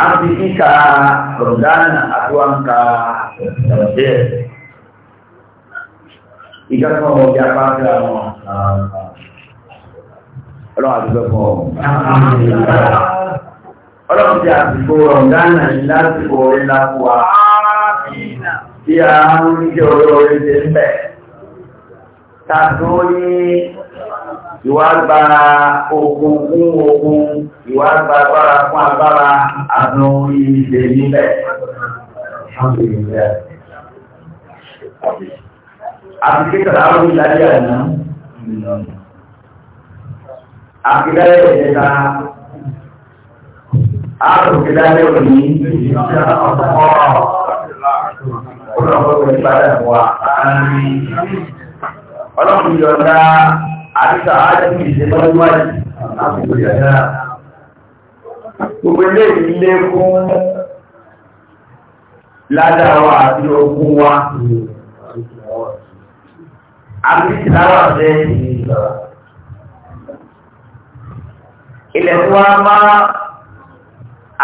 an fi ka rọ̀dánà àtúwáǹkà ẹ̀rọ̀dẹ́ ìgbàkan mau apáńkà wọn ọlọ́run àti gbẹ́fọ́ ọlọ́run ti àsìkò rọ̀dánà lásìkò orí lápúwa tí a ń jẹ́ orí orí ti ń bẹ̀ tàbí ìwà gba ogun fún ogun ìwà gba agbára fún agbára àdán orí ìṣe nílẹ̀. Àfikẹ́kọ̀ọ́ àwọn ìlàjì àná. Àfikẹ́lẹ́ ìjẹta. Àfikẹ́lẹ́ òní ọ̀pọ̀ ọlọ́pọ̀ ìpàdé wa. Ọlọ́pọ̀ ìjọba àti sàádà ní ìṣẹ́lọ́wọ́dì àkókò yàrá. Gbogbo ilé ilé fún ládàáwà àti ogun wa. Àbí ìtìláwà jẹ́ ilẹ̀ tí wọ́n máa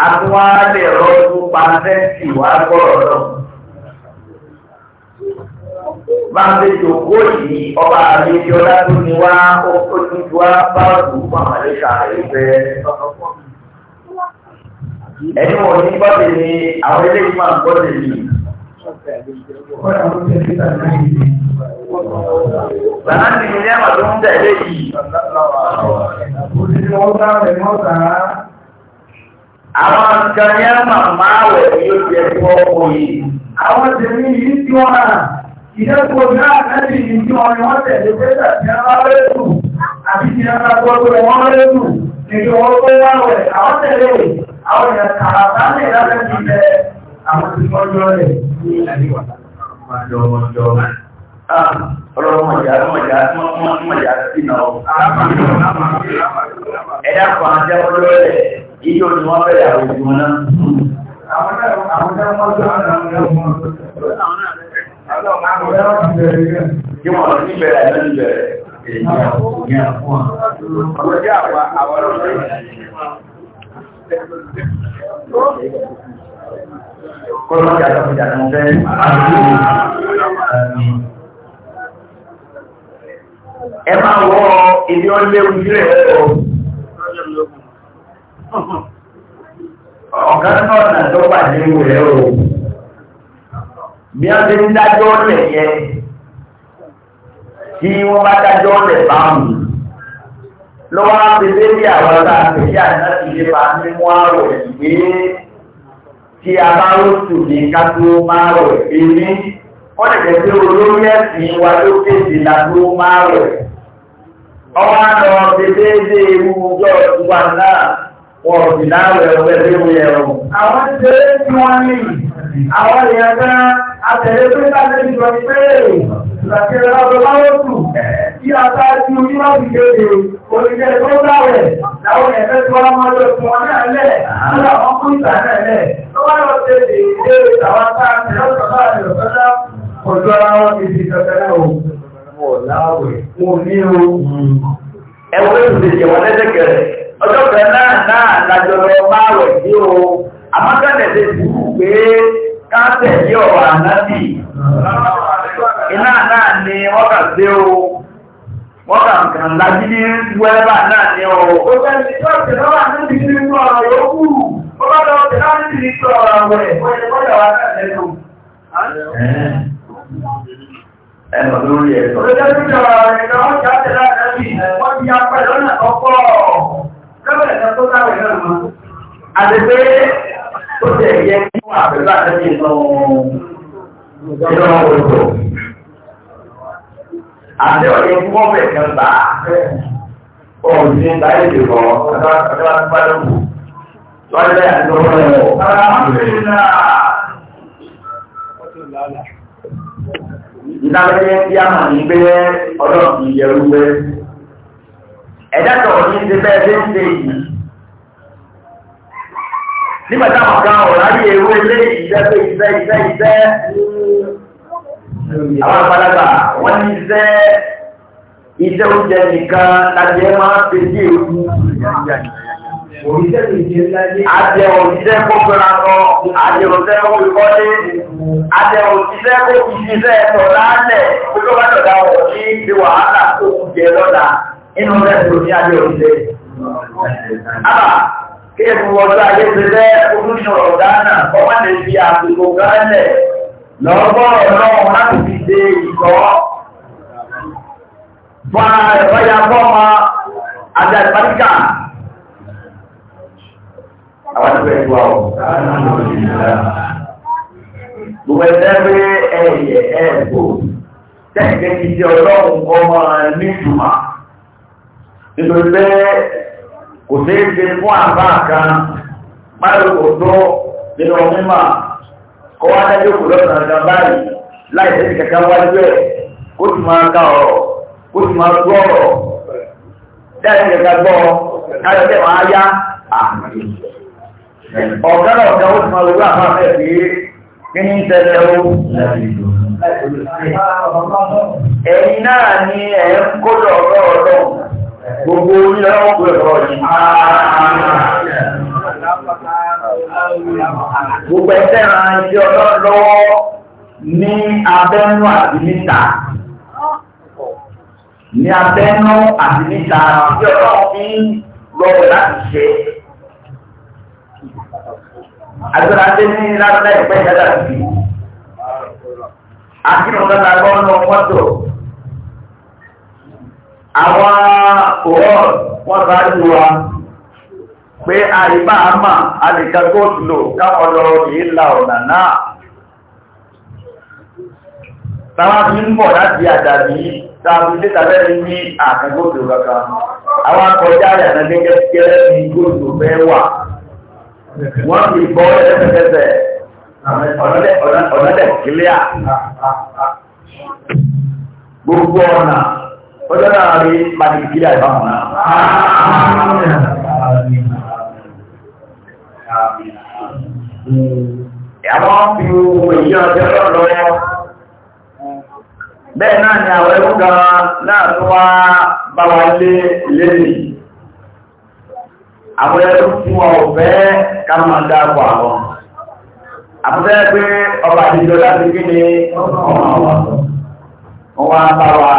àtúwálẹ̀ rọ́ọ̀dún pàṣẹ́sì wá gbọ́rọ̀ náà bá ń tẹ̀sí òkú òyì ọba àlejò ọlátó ni wá ó tún ju wá báwọ̀dù fún àmàlẹ́kà ẹgbẹ́ ẹni wọn ní gbọ́dọ̀ ni àwọn eléyìí máa ń gbọ́dọ̀ ni. Bàbá mi ní ẹ̀mà tó ń tẹ̀lé yìí. Àwọn kan ní ẹ̀mà máa wẹ̀ ní oṣù ẹ̀kọ́ ọkùnrin. Àwọn tèmi yìí tí wọ́n náà ìjẹ́kùn náà lẹ́bí ìjú ọ̀rẹ́ wọ́n tẹ̀lé pẹ́sà tí a bá rẹ́kù àbí tí a bá gbogbo wọn rẹ́kù nígbà wọ́n tó wá rẹ̀ àwọn tẹ̀lé àwọn èèyàn kàràbá lè lábẹ́ ti bẹ àwọn tí wọ́n jọ rẹ̀ ní àríwá Ẹ̀dá kan jẹ́ ọjọ́ rẹ̀, ìjọ ni wọ́n bẹ̀rẹ̀ àwọn ìgbìmọ̀ náà. Àwọn náà, àwọn náà wọ́n jọ àwọn náà. Kí wọ́n lọ sí bẹ̀rẹ̀ lọ sí bẹ̀rẹ̀. Ọjọ́ àwọn àwọn ọlọ́pẹ́. Kọ́lọ́ jà lọ́pẹ́ jà lọ́pẹ́. Ẹ máa wọ ibi ó léwu sílẹ̀ ọ̀. Ọ̀gá náà nà tó pàdé ìwé ẹ̀ o bí a ti ń dájọ́ ọ̀lẹ̀ yẹn tí wọ́n bá dájọ́ ọ̀lẹ̀ báwù lọ́wọ́ á fi lébi àwọn ọ̀la àti àná ti lè bá ní àrò ẹ̀ pé tí a bá ó tù ní ká tó máa rò ẹ̀ pé ní wọ́n lè jẹ́ pé olórí ẹ̀sìn wa ló kéde la tó máa rò ẹ̀ ọwọ́ àná ti lébi ewu ọjọ́ ìwà náà. Wọ́n sì láàrẹ̀ ọ̀gbẹ́ tí ó yẹ ọ̀rọ̀. Àwọn ti ṣe é tí wọ́n ní. Àwọn èèyàn gan atẹ̀lé pé láti ní ìjọ pé ìgbàkẹ́rẹ́ lọ́dọ̀ láwọ́ tù. Kí a bá ti orí máa fi kéde orílẹ̀ tó dáwẹ̀ láwọn ẹ̀fẹ́ tí wọ́n máa lọ fún wọn náà lẹ̀ fún àwọn kún ìgbà náà lẹ̀. Tó bá lọ ṣe lè dé àwọn táàkì lọ́sọ̀ bá rẹ̀ lọ́sọ́dá ọjọ́ ara wọn ti di ìjọba náà. Wọ́n láwẹ̀. Wọ́n ní o. ẹ̀wọ́n tó ti jẹ̀wọ́ lẹ́sẹ̀kẹ̀rẹ̀ ọjọ́ kan náà náà lájọ lọ máa rẹ̀ sí o àmọ́kànlẹ̀ ti dùn pé káńtẹ̀ yí ọ̀rọ̀ ànábì iná náà ni wọ́n kà sí o wọ́n kà kàn ní ni o. ti náà ẹ̀nà lórí ẹ̀ Ọjọ́ ìjọ ìrìnà ọjọ́ àti láàrín ẹ̀wọ́n ti apẹ́ lọ́nà ọpọ̀ lọ́bẹ̀ẹ̀ta tó dáwẹ̀ náà mọ́. Àti pé ó jẹ́ ẹ̀yẹ fún àpẹ̀lá àti ìlọ́ ọ̀rọ̀. Àti ọ̀yẹ fún ọ̀bẹ̀ kan bá ọ̀rìn láyé ìdìbò ọjọ́ àti pálọ́mù. Lọ́jọ́ ìjọ ìrìnà ọjọ́ àti láàrín ìtàlẹ́yẹ tí a mọ̀ ní pé ọlọ́run ti yẹ wípé ẹ̀dá sọ̀rọ̀ ní ti bẹ́ẹ̀ ṣe ń ṣe yìí nígbà táwọn kan ọ̀rá rí ewé lé ìṣẹ́ pé ìṣẹ́ ìṣẹ́ ìṣẹ́ àwọn àgbàlagbà wọ́n ní iṣẹ́ iṣẹ́ oúnjẹ nìkan láti ẹ máa ń ṣe sí èkú Adé òṣìṣẹ́ kó fẹ́ra lọ, adé òṣìṣẹ́ kó fi kọ́lé, adé òṣìṣẹ́ kó fi ṣiṣẹ́ ẹ̀tọ̀ lálẹ̀, kó tó bá tọ̀dá wọ̀ ní ibi wàhálà tó kù jẹ lọ́la, inú rẹ̀ tó ní adé òṣìṣẹ́. Àbà, kí èmi wọ́jọ́ ayé ti rẹ́ olúṣọ̀ ọ̀dánà, ọmọ lè fi àsìkò gánlẹ̀ lọ́gọ́rọ̀ lọ́wọ́ láti fi dé ìkọ́. Fọ́nà ẹ̀fọ́ ya fọ́ ma, àti àtìmátíkà àwọn ẹgbẹ́ ìwà ọ̀. Gbogbo ẹgbẹ́ pé ẹ̀yẹ ẹ̀bò tẹ́ẹ̀kẹ́ ti jẹ́ ọlọ́run ọmọ nítumọ̀. Nítorí pé kò sí ṣe fún àbá kan márùkù tó nínú mímọ̀ kọ́ wá dájú kò lọ́sàn án kan báyìí láì tẹ́sí kankan wájú ẹ̀ kó sì máa ka ọ̀rọ̀ kó sì máa gbọ́ ọ̀rọ̀ dáìsí kankan gbọ́ káyọ̀ ọ̀gá ọ̀gá ó ti máa lọ́wọ́ àpapẹ̀ pé kí ní tẹ́lẹ̀ ó ẹ̀yìn náà ni ẹ̀ ń kó lọ́rọ̀ ọ̀dọ́ gbogbo orílẹ̀ ọ̀pọ̀lọpọ̀ yìí gbogbo ẹ̀tẹ́ ra iṣẹ́ ọlọ́run lọ́wọ́ ní abẹ́nú àti níta ní abẹ́nú àti níta tí ọlọ́run fi ń lọ́wọ́ láti ṣe agbára dé ní lábẹ́ ìpẹ́ ìdájà sí i akínú kata gbọ́ nù mọ́tò àwọn òwò wọn bá lù wá pé àyíká àmà àlèkà góòtù lò káwọn lọ yìí la ọ̀nà náà táwọn fi ń bọ̀ láti àdàbí táwọn ilé tàbẹ́ ní ní àkàgóòtù kankan àwọn akọjá àyànà gẹ́gẹ́ gẹ́gẹ́ bí góòtù fẹ́ wà wọ́n fi bọ́ ẹsẹ̀kẹsẹ̀ ọ̀nàdẹ̀ kílíà gbogbo ọ̀nà ọjọ́ náà rí pàtàkì kílíà ìbámu náà. Àwọn fi ohun èyí ọjọ́ lọ́rọ̀ bẹ́ẹ̀ náà ni àwọn ẹgbùn kan náà tó wá bá wa lé lẹ́yìn àwọn ẹ̀rọ tí wọ́n fẹ́ kàmà dáàbò àwọn àfẹ́fẹ́ pé ọba àdìjọ láti kí ni wọ́n wá bá wa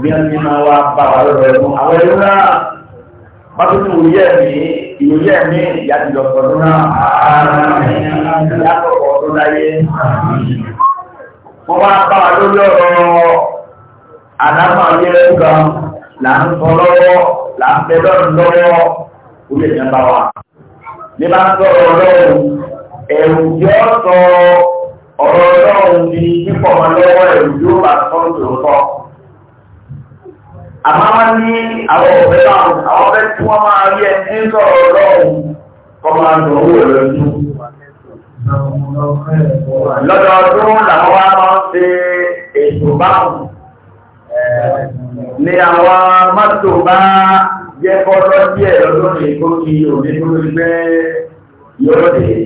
bí wọ́n ní máa wá bá wa lọ́rọ̀ ẹ̀mú àwọn ẹ̀rọ náà wọ́n tún tún wòye ẹ̀mí ìwòye ẹ̀mí ìyàtìjọ pọ̀tún náà ìyàtọ̀ pọ̀tún láyé wọ́n wá bá wa lórí ọ̀rọ̀ àdámọ̀ ayé ẹ̀kọ́ là ń sọ lọ́wọ́ là ń bẹ lọ́rùn lọ́wọ́ orí ẹ̀yàn bá wà. Ní bá ń sọ̀rọ̀ ọlọ́run, ẹ̀rù jẹ́ ọ̀sọ̀ ọ̀rọ̀ ọlọ́run di pípọ̀ mọ́ lọ́wọ́ ẹ̀rù yóò bá sọ́rọ̀ tòótọ́. Àmọ́ wọ́n ní àwọn ọ̀fẹ́ náà, àwọn ọ̀fẹ́ tí wọ́n máa rí ẹni ń sọ̀rọ̀ ọlọ́run kọ́ máa dùn owó ẹ̀rọ jù. Lọ́dọọdún làwọn wá máa ń ṣe ètò báwọn. Ní àwọn mọ́tò bá jẹ́ kọ́lọ́ díẹ̀ lọ́dún èkó kí òmìnirú gbẹ́ yọ́dẹ̀.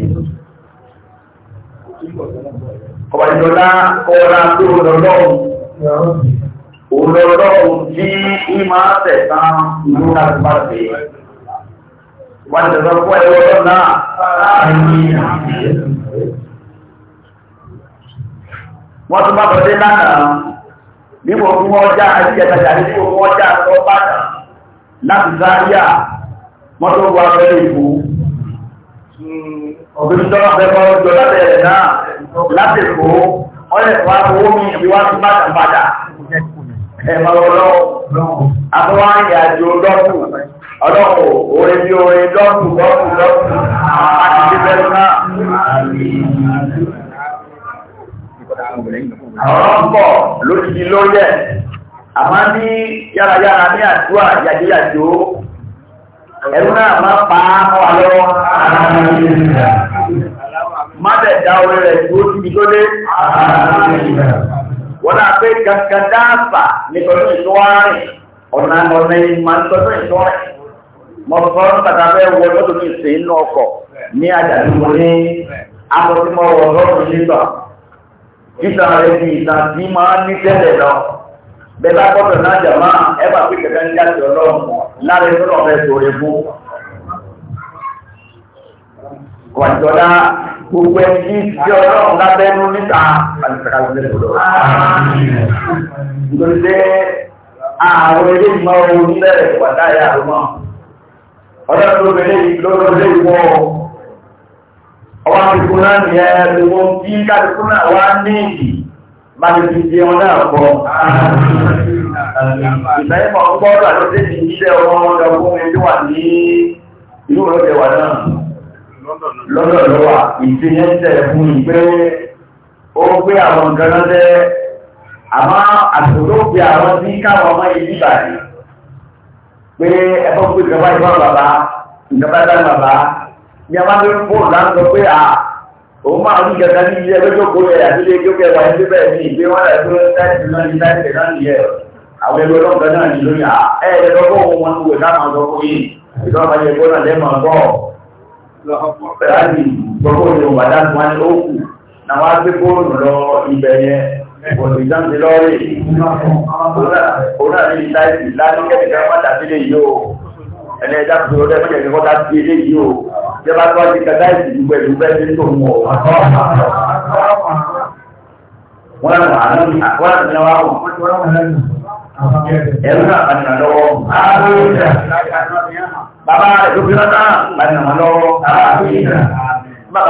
Ọ̀bàdìjọ́lá kọ́lá tó lọ́lọ́run, òun lọ́lọ́run tí í máa tẹ̀sán ìlú láti bá pè. Wọ́n tẹ̀sán fún ẹwọ́ lọ́nà Wọ́n tún bá bọ̀ dé lánàá, nígbò fún ọjà àti ẹ̀tajà nígbò fún ọjà tó bá láti záyà mọ́tò wà fẹ́lẹ̀ ìbò ọ̀gbẹ̀rún tọ́lá fẹ́ bọ́ ọjọ́ láti ẹ̀rẹ̀ náà láti èkó ọlẹ̀ wà owó mi ìbí wá sí bàtà bàtà ẹ̀mọ̀ ọlọ́wọ́ àbúwá ìrìn àjò lọ́pù ọlọ́pù orin bí orin lọ́pù lọ́pù lọ́pù àti ìbẹ̀rẹ̀ náà àwọn ọ̀pọ̀ lójijì lóyẹ̀ àmá ní yárayára ní àdúrà yàjóyàjó ẹ̀rú náà má pa mọ́ wa lọ́wọ́ má tẹ̀dá orí rẹ̀ tó ti tó dé wọ́n náà pé kankan dáàbà ní ọdún ìṣọ́rìn ọ̀nà ọ̀nà ìmọ̀ ìtọ́jú ìṣọ́rìn mọ̀tọ́ tàbí abẹ́ wọ lọ́dún ìṣe inú ọkọ̀ ní àjàdúgbò ní amọ̀tímọ̀ ọ̀rọ̀ nígbà bẹ́ẹ̀ bá gbọ́dọ̀ náà jàmá ẹ bá pé kẹ̀kẹ́ ń jáde ọlọ́run lára ẹni ọlọ́run fẹ́ sọ̀rọ̀ fún. Kọ̀jọ́dá gbogbo ẹni tí ọlọ́run lábẹ́nu níta àlùfẹ́ká ló lẹ́nu Nítorí pé àwọn ilé ìmọ̀ ohun nílẹ̀ wà láyé àrùmọ̀. Ọlọ́run ló bẹ̀rẹ̀ lọ́dọ̀ lé ìwọ̀ ọwọ́ àfikún náà nìyẹn lówó kí kálukú náà wá ní ìdí. Báni ti di wọn náà pọ̀. Ìbẹ̀rẹ̀ mọ̀ gbọ́ ọ̀rọ̀ àti ọdún ní iṣẹ́ ọmọ ọ̀dọ̀ fún mi tó wà ní ìlú òròdè wà náà. Lọ́dọ̀ ló wà, ìfihàn tẹ̀ fún mi pé ó gbé àwọn nǹkan náà tẹ́ àmọ́ àtòrò gbé àwọn tí káwọn ọmọ yìí níbàdí pé ẹ̀fọ́ pé ìjọba ìfọ́ bàbá ìjọba ìfọ́ bàbá ni a máa ń fóònù láti pé à o máa ń gẹ̀gẹ́ ní ilé ẹgbẹ́jọ́ kó yẹ àti ilé ẹjọ́ kẹwàá ní bẹ́ẹ̀ ní ìgbé wọn rẹ̀ tó ń tẹ́tì náà ní láìpẹ́ náà nìyẹn àwọn ẹgbẹ́ ọlọ́gbẹ́ náà ní lóyún à ẹ̀ ẹ̀ lọ́gbọ́ òun wọn wò náà máa lọ́kọ́ yìí ìjọba yẹ kó náà lẹ́mọ̀ bọ́ láti gbogbo ìlú wàdà tó wọn ó kù náà wá gbé fóònù lọ ibẹ̀ yẹn òsì jáde lọ́rẹ̀ òun náà ní láìpẹ́ láti kẹ́ Ìjọba tó wájú kẹta ìsìn gbogbo ẹ̀dùn bẹ́ẹ̀ ní tòun ọ̀. Wọ́n rà wọ́n àná ní àkọ́wà ní ọwọ́ àwọn ẹ̀rù náà bá nìyà lọ́wọ́. Bàbá rẹ̀ tó fi rán náà bá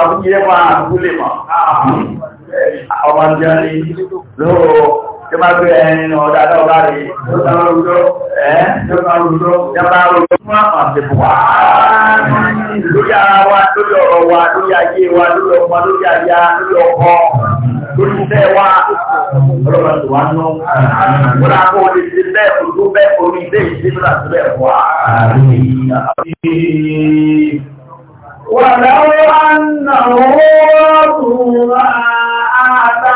nìyà wọn tí máa gbé ẹni ọ̀dá lọ́gbà rí tó bá rúdó ẹ́ tó bá rúdó tó bá rúdó fún àpàṣẹ̀bù wá lórí ara wa lórí ọ̀rọ̀ wa lórí ayé wa lórí ọmọ lórí àyà lórí ọkọ lórí iṣẹ́ wa ọlọ́pàá tó wá nù wọ́n á kó lè ṣe bẹ́ẹ̀ olú bẹ́ẹ̀ orí ilé ìṣe tó láti bẹ́ẹ̀ wá. Wàlẹ́ wọn náà wọ́n rọ̀ tó wá àtà.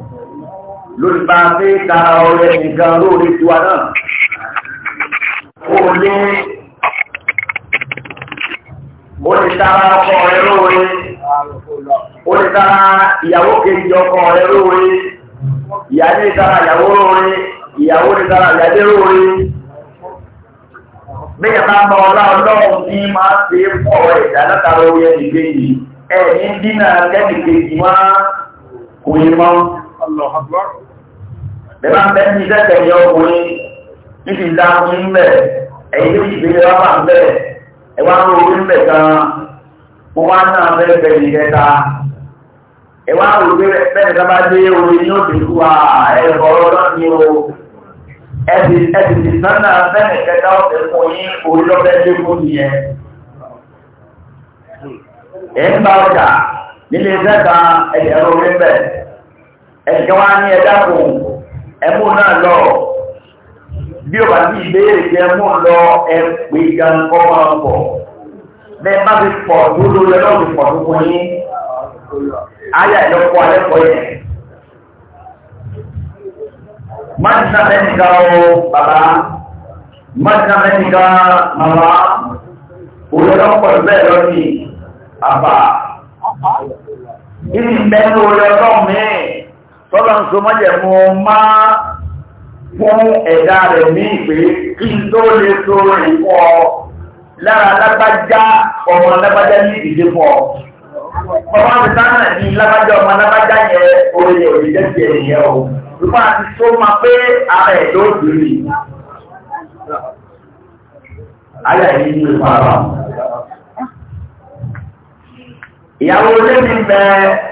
lórí bá a fẹ́ tara ọ̀rẹ́ nìkan lóore tiwa náà. Ó lé ó lè tara ọkọ rẹ lóore ó lè tara ìyàwó kejì ọkọ rẹ lóore ìyálé lè tara ìyàwó lóore ìyàwó lè tara ìyálé lóore. Bẹ́ẹ̀ bá ọlá ọlọ́run ní máa ṣe é pọ̀ ẹ̀dá látara orí ẹnì ẹ̀ ní dínà kẹ́nì wá kò yẹ mọ́ bẹ́ẹ̀ máa ń bẹ́ẹ̀ ní sẹ́sẹ̀ yọ ọkùnrin níbi ìdáhùn ń bẹ̀ ẹ̀yìn tó yìí gbé wá máa ń bẹ̀ ẹ̀ wá ń ro orí ń bẹ̀ gan-an mo wá náà bẹ́ẹ̀ bẹ́ẹ̀ ní kẹta ẹ̀ wá rò pé bẹ́ẹ̀ sábà dé orí ní òbí kú wa ẹ̀ bọ̀rọ̀ náà ni o ẹ̀ ti ti sánà bẹ́ẹ̀ kẹta ọ̀sẹ̀ fún yín orí lọ́fẹ́ dé fún nìyẹn ẹ̀ ń bá ọjà nílé sẹ́ta ẹ̀yẹ̀ rò pé bẹ́ẹ̀ ẹ̀kẹ́ ẹmú náà lọ bí ó bá ti ìbéèrè jẹ mú lọ ẹpè gankọ máa pọ̀ bẹ́ẹ̀ bá ti pọ̀ tó lórí ọlọ́run ti pọ̀ tó fún yín ayé àìlọ́pọ̀ alẹ́kọ̀ọ́ yẹn máṣíṣà mẹ́nìkà o bàbá máṣíṣà mẹ́nìkà màmá olùdókòwò bẹ́ẹ̀ lọ́sìn àbá ìdí mẹ́nu olùdókòwò mìíràn tọ́lá ń so mọ́jẹ̀mú máa fún ẹ̀dá rẹ̀ ní ìpè kí n tó lè so ìfọ́ lára lágbájá ọmọ lágbájá ní ìdílé fọ́ bàbá mi sáà ní lágbájá ọmọ lágbájá yẹn oye òdìjẹ́ tiẹ̀ nìyẹn o nípa àti tó máa pé ara ẹ̀ ló dùn mí. Ayé yìí ní ìfarahàn. Ìyàwó olé mi bẹ́ẹ̀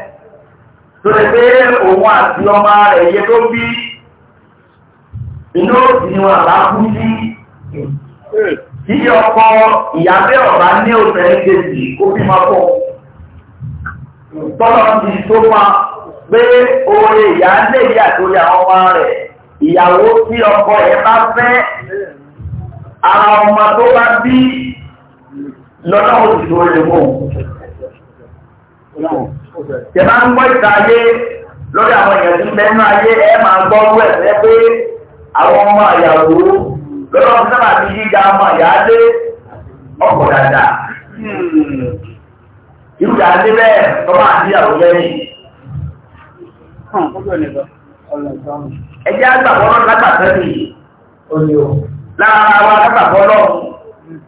tó lè pé òun àti ọmọ ẹ̀yẹ tó bí inú òsì wọn àbá kú sí kí ọkọ ìyàbẹ́ ọ̀bá ní obìnrin kejì kó bí máa pọ̀ tọ́lọ́ ti tó máa pé oore ìyá ń lè yà tó yà ọmọ rẹ̀ ìyàwó tí ọkọ ẹ̀ bá fẹ́ ara ọmọ tó bá bí lọ́nà òsì tó lè tẹ̀bá ń gbọ́ ìta ayé lórí àwọn èèyàn tí ń bẹ nínú ayé ẹ máa gbọ́ owó ẹ̀fẹ́ pé àwọn ọmọ àyàwó lọ́dọ̀ ọ̀sán sábà ti yíga ọmọ àyàdé ọkọ̀ dáadáa. irú dáadé bẹ́ẹ̀ tọ́ba àti ìyàwó lẹ́yìn. ẹ jẹ́ àgbàgbọ́ náà lágbàtẹ́bì lára wa lágbàgbọ́ náà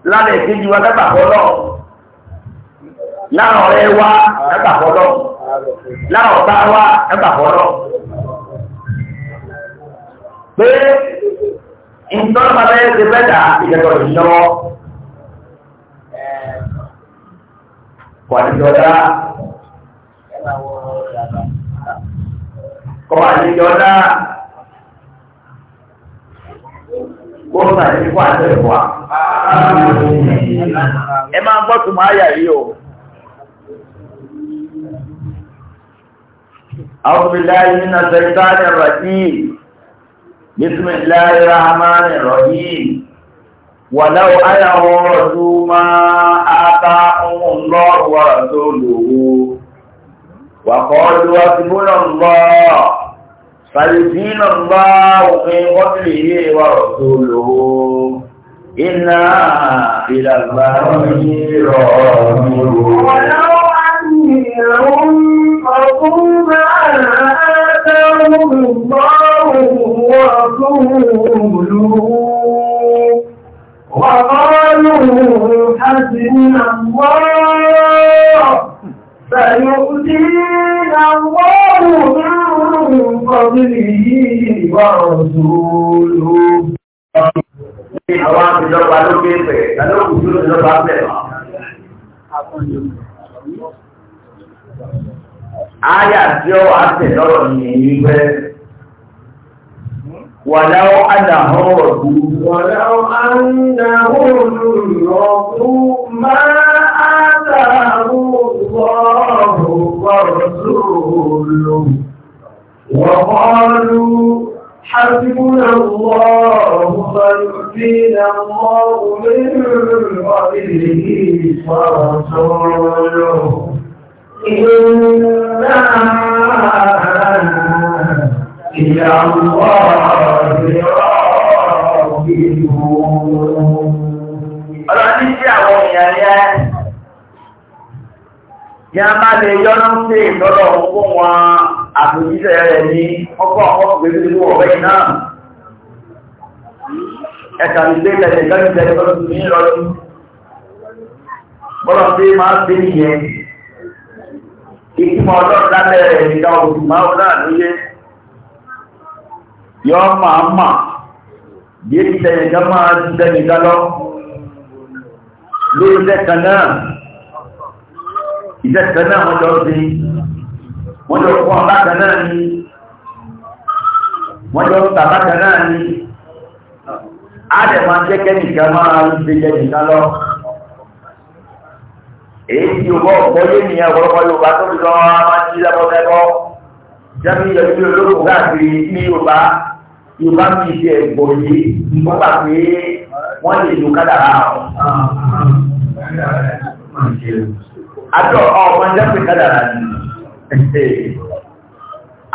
lára èkejì wa lágbàgbọ́ náà láàrọ̀ rẹ wá ẹgbà fọlọ́ láàrọ̀ bá wá ẹgbà fọlọ́ pé ìtọ́nà bẹ́ẹ̀ ti bẹ́ẹ̀ dà ìjẹ̀dọ̀ ìṣọwọ́ kọ̀ọ̀dìjọ́dá kọ̀ọ̀dìjọ́dá kóòtà ìdíkọ̀ àti ẹ̀wà ẹ máa gbọ́ tùmọ̀ àyà yìí o. أعوذ بالله من الشيطان الرجيم بسم الله الرحمن الرحيم ولو أنهم رسوا ما آتاهم الله ورسوله وقالوا حسبنا الله فيؤتينا الله من فضله ورسوله إنا إلى الله راجعون هم أقوم آتاهم الله ورسوله وقالوا حسبنا الله سيؤتينا الله من فضله ورسوله Àwọn àjọba ló gbé pẹ̀, ẹ̀lọ́kùn tó lọ́pàá pẹ̀. Áyà tí ó wà tẹ̀lọ́rọ̀ ní èyí pẹ́. Wàláwó àdàhọ́ ọ̀dú. Wàláwó àdàhọ́ ọ̀dú máa àdàhọ́ ọ̀rọ̀ وقالوا حسبنا الله فينا الله من قبله إنا a máa lè yọ́nú sí ìtọ́lọ̀ fún wọn àtòjíṣẹ́ rẹ̀ ní ọkọ̀ ọkọ̀ pẹ̀lú ọ̀rẹ́ náà ẹ̀kà ìgbé tẹ̀lẹ̀ lọ́dún tẹ̀lẹ̀ ní ìrọ̀lú bọ́lọ̀ tí máa ń gbé nìyẹn ìtumọ̀ ọlọ́run lábẹ́ ìdá òṣùmá ọlọ́rànlóyé yọ máa mà bí i tẹ̀yìn kan máa tẹ̀yìn kan lọ lórí ìdẹ́kan náà ìdẹ́kan náà wọ́n jọ sí wọ́n jọ fún ọ bákan náà ni wọ́n jọ tà bákan náà ni á dẹ̀ máa jẹ́kẹ́ nìkan máa ń ṣe jẹ́ nìkan lọ èyí tí o bọ́ ọ̀pọ̀ yé nìyẹn ọ̀pọ̀lọpọ̀ yorùbá tó fi lọ́wọ́ máa ń jí lẹ́kọ̀ọ́ jábí ìyẹ̀dúró olóògùn káàkiri ní yorùbá yorùbá fi ṣe ẹ̀gbọ́n yìí nígbà pé wọ́n lè lo kádàrá àwọn. àjọ ọ̀pọ̀ ń jápé kádàrá ni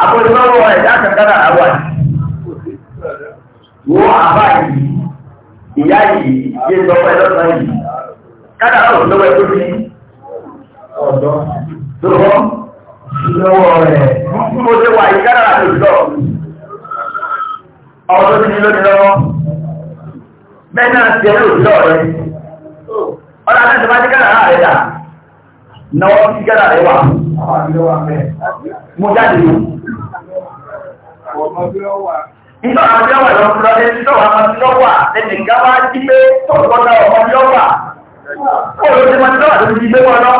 àpòlùmọ́wọ́ ẹ̀dá kan kádàrá wà ní. wo àbá yìí ìyá yìí yé sọ pé lọ́sàn-án yìí kádàrá òṣèlú ẹ̀ tó fi ní ọ̀dọ́ lọ́wọ́ lọ́wọ́ rẹ̀ bí mo ṣe wà yìí kára àti òjò ọ̀dọ́ ti ní lónìí lọ́wọ́ bẹ́ẹ̀ náà ti ẹ̀rọ òjò rẹ̀ ọ̀dọ́ àti ìjọba ti kára rẹ̀ dà náwó ti kára rẹ̀ wà mo jáde lọ. Nígbà àwọn ọmọdé wà lọ́wọ́ lọ́wọ́ lẹ́nìkan bá jí pé tó ń gbọ́dọ̀ ọmọdé wà. Ó ló ti máa ti lọ́wọ́ àti ti gbé wọn lọ.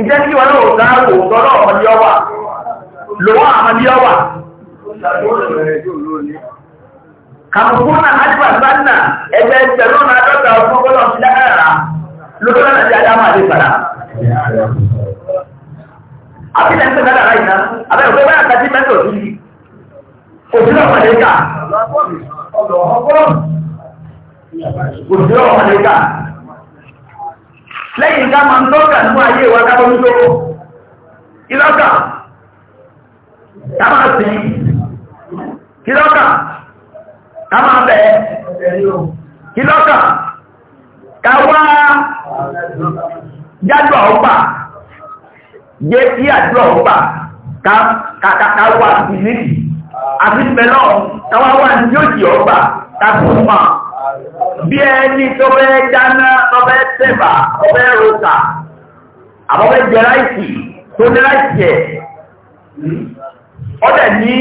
Ìjẹ́ kí wọn náà ò dáa wò lọ́dọ̀ ọmọdé ọwà. Lòwọ́ àmọdé ọwà. Kàmùkúnà Adébàsánà ẹgbẹ́ ìjẹ̀lú náà dọ́ta ọdún ọgọ́dọ̀ ti dákàrà lókè lọ́nà tí Adá máa dé padà. Àbílẹ̀ ń tẹ̀lé àrá ìná, àbẹ̀rẹ̀ pé báyà kájí mẹ́tò sí. Òṣìlọ́pàá lè kà òjò ọmọ lè kà lẹ́yìn ká máa ń tọ́ka nínú ayé wa ká bọ́mú tó kílọ́kà ká máa sìn kílọ́kà ká máa bẹ̀ kílọ́kà ká wá jájọ́ ọgbà jẹ́ kí àjọ́ ọgbà ká wá sí àti bẹ̀lọ́ ká wá wá ní yóò jì ọgbà ká tó bí ẹni tó fẹ́ dáná tó fẹ́ sẹ̀bà tó fẹ́ rọta àbọ̀ fẹ́ jẹ láìsì tó ní láìsì ẹ̀ ọ dẹ̀ ní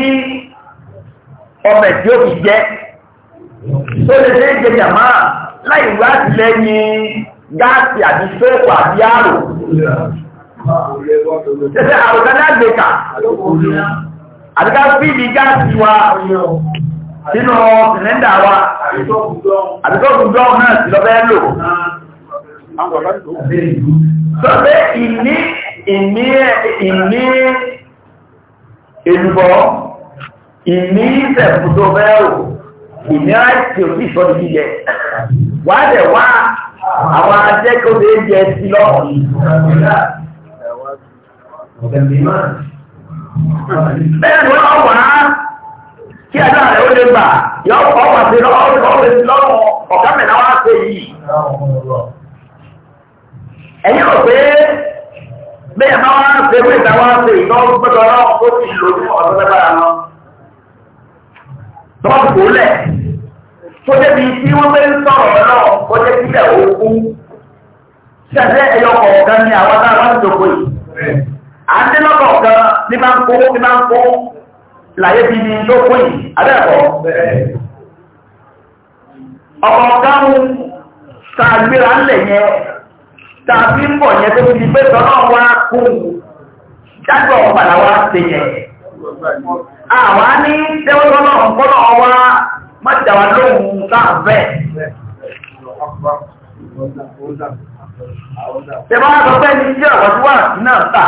ọbẹ̀ tí ó fi jẹ́ tó lè ṣe é jẹ jàmá láì wá lẹ́yìn gáàsì àti fẹ́ẹ̀kù àti àrò. Ṣẹ̀ṣẹ̀ àròkàn náà gbé àti ká fíìmì gáàsì wa nínú sìlẹ́ndà wa àbíkọ́gùndọ́n náà sí lọ bẹ́ẹ̀ lò tó pé ìní ìní ìní èlùbọ́ ìní ìsẹ̀fúdó bẹ́ẹ̀rù ìní àìsí òsì ìsọ́dí jíjẹ wà dẹ̀ wá àwọn ajẹ́kọ̀ọ́dé jẹ sí lọ́wọ́ bẹ́ẹ̀ ni wọ́n wà á kí ẹ̀dá rẹ̀ ó lè gbà yọ ọkọ̀ pàṣẹ lọ́rùn ọ̀gá mẹ́ta wá ṣe yìí. ẹ̀yin rò pé bẹ́ẹ̀ máa wá ṣe pé ìta wá ṣe ìtọ́ gbọ́dọ̀ náà ó sì lò ní ọ̀dọ́ mẹ́ta lọ. tọ́ọ̀bù kò lẹ̀ tó débi tí wọ́n fẹ́ sọ̀rọ̀ náà kọjá sílẹ̀ òkú. ṣẹ̀ṣẹ̀ ẹ̀yọ kọ̀ọ̀kan ni àwọn táwọn ń dòkó yìí. à ń dín lọ́kọ̀ọ̀kan ní máa ń kó ní máa ń kó láyé bí ní ló pín adẹ́kọ̀ọ́ ọ̀pọ̀ káhùn tààgbéra ńlẹ̀ yẹn tàbí ń bọ̀ yẹn tó fi pé tọ́nà wá kú jágbọ́ ọ̀pàdà wá ṣe yẹn àwa ní tẹ́wọ́tọ́nà ọ̀pọ̀nà wá mọ́jàwá lóhun láàbẹ̀ tẹ́bá sọ pé ní jẹ́ ọ̀pọ̀ tí wà náà tà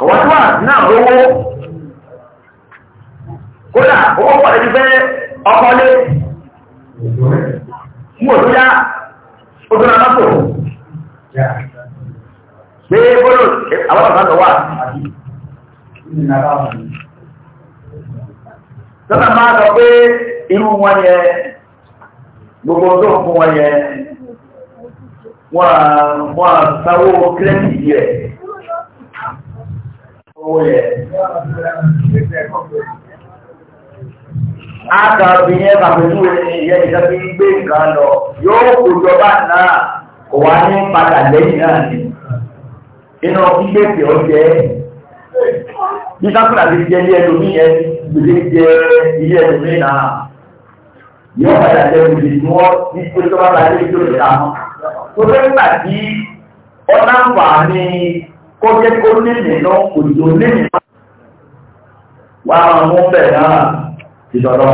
kọ̀wọ́túwà náà owó kódà owó pọ̀ lẹ́jú pé ọkọ̀lé mú òtúyá òtúra mọ́tò pé bọ́lọ̀ àwọn ọ̀sán wà tọ́nà máa sọ pé irú wọn yẹ gbogbo tó fún wọn yẹ wọ́n sáwó kírẹ́tì yẹ owó yẹ. Àgbà fi yẹn bàbẹ̀lú ìyẹn ìjọ fi gbé nǹkan lọ, yóò kó jọba náà kò wá ní padà lẹ́yìn náà ni. Iná gbígbé tí ó jẹ́ Bísákùnà ti jẹ́ ilé ẹlòmí yẹn gbèdé jẹ́ ilé ẹlòmí náà. Yóò padà jẹ́ gbèdé tí wọ́n ní pé tó bá bá ilé ìjọ rẹ̀ dáhùn. Tó fẹ́ nígbà tí ọ̀nà ń fà ní kọjẹ́ kó nílẹ̀ náà kò jò nílẹ̀ wà máa mú bẹ̀ náà ti sọ̀rọ̀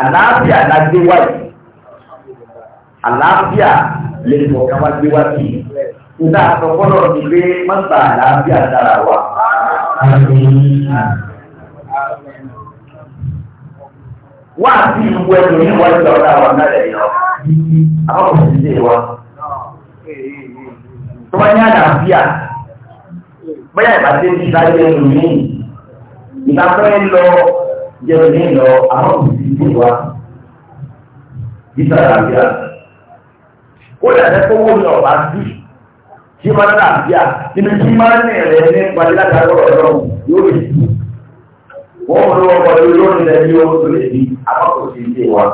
àlàáfíà la gbé wá yìí àlàáfíà lè fọ̀ ká wá gbé wá sí i nígbà àtọ̀kọ́lọ̀ ni pé má gba àlàáfíà dára wa. wá náà lẹ̀ àwọn kò sí tọ́wọ́ ní àlàáfíà bóyá ìbàdí ti sáyé lómi ìgbà pẹ́ lọ jẹ̀mí lọ àwọn òbí wa ìtara àbíà ó dàbẹ́ kówó ní ọ̀bá sí kí máa ń àbíà nínú kí máa ń rẹ̀ ní pàdé látàrí ọ̀rọ̀ yóò lè sí wọ́n mú lọ́wọ́ pọ̀lú lónìí lẹ́bí ó tó lè sí àkọ́kọ́ sí ilé wa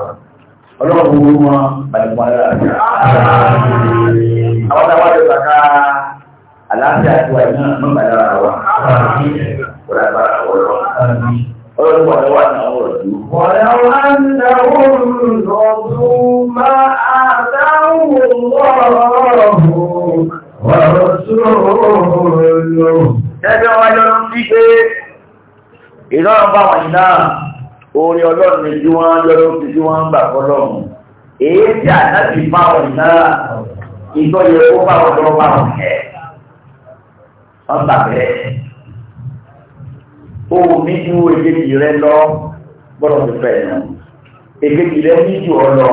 ọlọ́run owó wọn pàdé pàdé àbíà àwọn táwọn àjọ àlàáfíà tí wà ní mọ́bàlára wa kúrẹ́ bá àwọn ọlọ́run ọlọ́run wà lọ́wọ́ àwọn ọ̀dọ́. wọ́n wá ń dáwọ́ lọ́dún máa dáwọ́ lọ́rùn ọ̀rọ̀ sóòlù. ẹgbẹ́ wa yọ lọ sí pé ìlọ́run bá wọn náà orí ọlọ́run ni tí wọ́n lọ́rọ́ fi tí wọ́n ń gbà fọlọ́run èyí tí àná ti bá wọn náà ìtọ́jú ẹ̀kọ́ bá wọn lọ́wọ́ bá wọn kẹ́ ọgbà bẹ́ẹ̀ ohun mi ju èkejì rẹ lọ gbọ́dọ̀ ti fẹ́ nù èkejì rẹ ní ju ọ lọ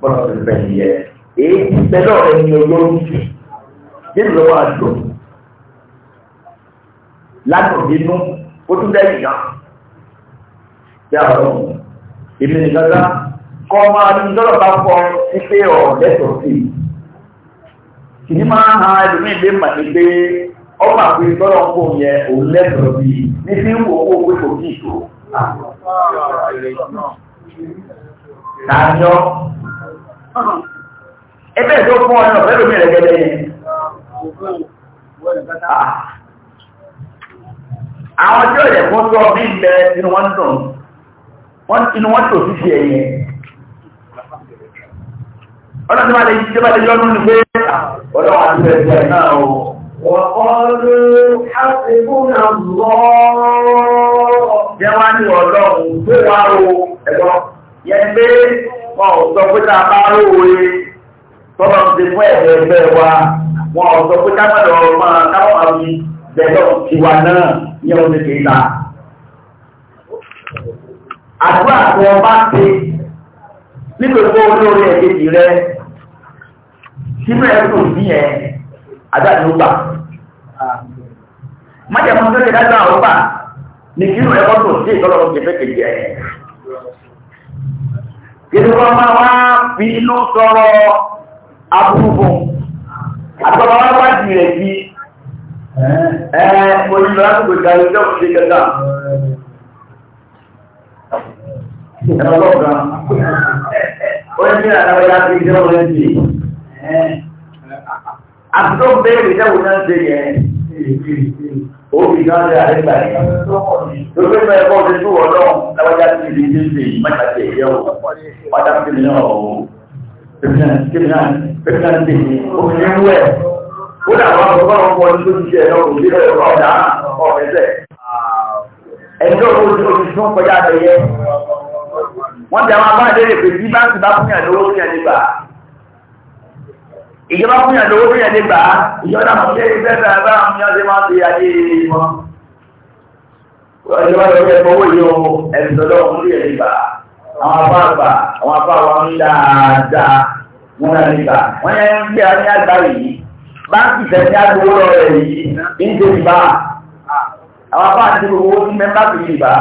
gbọ́dọ̀ ti fẹ́ yẹ èyí ti bẹ́ẹ̀ rẹ ní olórí jù nínú lọ́wọ́ àjò látọ̀ nínú ó tún dẹ́yìn náà yàrá ọ̀hún èmi nìkan ká kọ́ máa ní lọ́dọ̀ bá kọ́ sí ọ̀ lẹ́tọ̀ọ́ sí i kì í máa ha ẹlòmíì lè mà ní ọmọ àgbè tọ́lọ̀ kó yẹ òun lẹ́tọ̀ọ́ bí ní fi ń wò ó pé kò kí ìṣó. Tàyọ́. Ẹgbẹ́ tó fún ọ náà fẹ́lómi rẹ̀ gẹ́gẹ́ yẹn. Ah. Àwọn tí ó yẹ fún sọ bí ilẹ̀ inú wọn dùn, inú wọn tò sí ṣe ẹ̀yẹ. Ọlọ́dún máa lè yọ́nú ni pé ah, ọlọ́wọ́ àti ẹ̀jẹ̀ náà o. وقالوا حسبنا الله Jẹ́wání ọlọ́run tó wá o ẹ̀gbọ́n yẹn pé wọn ò sọ pé ta bá róore tọ́lọ́ ti fún ẹ̀rọ ẹgbẹ́ wa wọn ò sọ pé kámọ́dọ̀ máa káwọn àwọn bẹ̀rẹ̀ tiwa náà ní ọdún kìíta. Àdúrà o bá ṣe nígbà tó olóore ẹ̀kejì rẹ sínú ẹ̀kùn májèmú tó lè dájọ́ àwọn gbà ní kírun ẹ̀kọ́ tó sí ìtọ́lọ́ kẹfẹ́ kejì ẹ̀. kìdìbọn máa wá fi inú sọ̀rọ̀ aburú fún àtọ́wọ́ wá wá jù rẹ̀ sí ẹ mo ní lọ láti gbèjà ìjọ òṣèlú kẹta ẹ̀rọ lọ́gbà ó ń ṣe ó fi náà lé àrẹ gbà yìí ló fẹ́ fẹ́ kọ́ ọdún tó wọ́n lọ́wọ́ lábájá tó ti di ṣe yìí mẹ́ta tẹ̀ yẹ o pátá tó ti náà o pẹ̀lú náà ti ó fi ń wẹ̀ ó dà wọ́n fọ́ wọn kọ́ ọdún tó ti ṣe ẹ̀rọ òbí rẹ̀ ọ̀dà ọ̀rẹ́sẹ̀ ẹjọ́ oṣù tó kọjá àtẹ̀yẹ wọ́n ti àwọn abáńdé rẹ̀ pé bí bá ti bá fún yàn lówó fún yàn nígbà ìjọba fún yàn lówó fún yàn lè gbà á ìjọba mọ̀ pé bẹ́ẹ̀ bá bá àwọn yàn ṣe máa ń ṣe ayé wọn. ìjọba lọ sí ẹ̀fọ́ owó yìí o ẹ̀sìn tọ́lọ́ fún yàn lè gbà á àwọn afá àgbà àwọn afá wa ń dáadáa wọn náà lè wọn yẹn ń gbé àwọn àgbà yìí báńkì tẹ̀sí àgbowó lọ rẹ̀ yìí ń ṣe ìbá àwọn afá àti owó ń mẹ́ bá fi ìbá.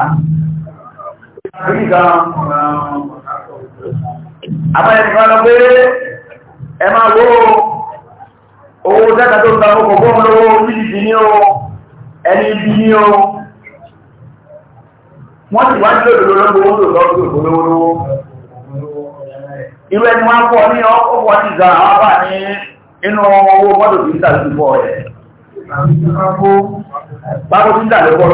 àbáyé ẹ máa wo owó dẹ́ta tó gba ọkọ̀ bọ́ọ̀mù lọ́wọ́ orílẹ̀ ní o ẹni ibi ní o wọ́n sì wá nílò ìlú owó lọ́gbọ̀ ìgbòlówó lọ́wọ́ irú ẹni wọ́n pọ̀ ní ọkọ̀ ti gba àwọn bá ní inú owó mọ́tò tí ń tà lójú bọ́ ẹ̀ bábọ́ tí ń tà lójú bọ́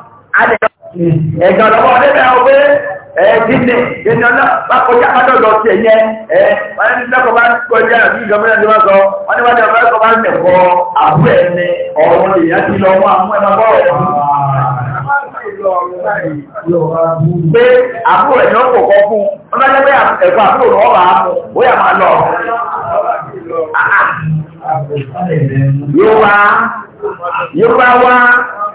alẹ́ hmm. ẹ̀gbọ́n lọ́wọ́ ọdẹ́gbẹ́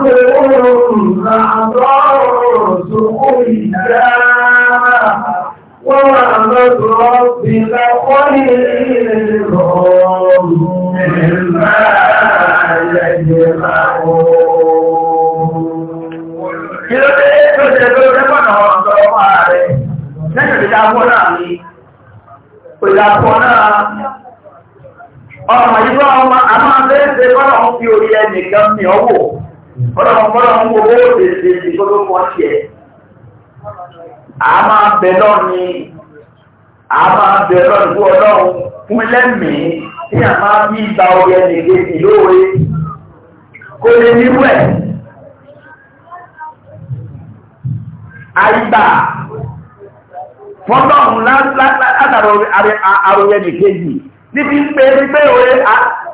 بعضهم بعضا سوء ورحمة ربك خير مما يجمعون lẹ́yìn ìjà fún náà ní ìjà fún náà ọmọ ìgbọ́ ọmọ àmọ́ abẹ́ẹ́sẹ̀ kọ́nà ń fi orí ẹnìkan mi ọwọ́ ọlọ́mọkọ́lọ́ ń wo owó èdè ìgbóná kan tiẹ̀ a máa bẹ lọ́ni a máa bẹ lọ́ni fún ọlọ́run fún lẹ́mìí tí a máa bí ìgbà orí ẹnì kejì lóore kó lè níwú ẹ̀ àìgbà fọ́lọ́run látàrí àròyẹ nìkejì níbi pé pé òye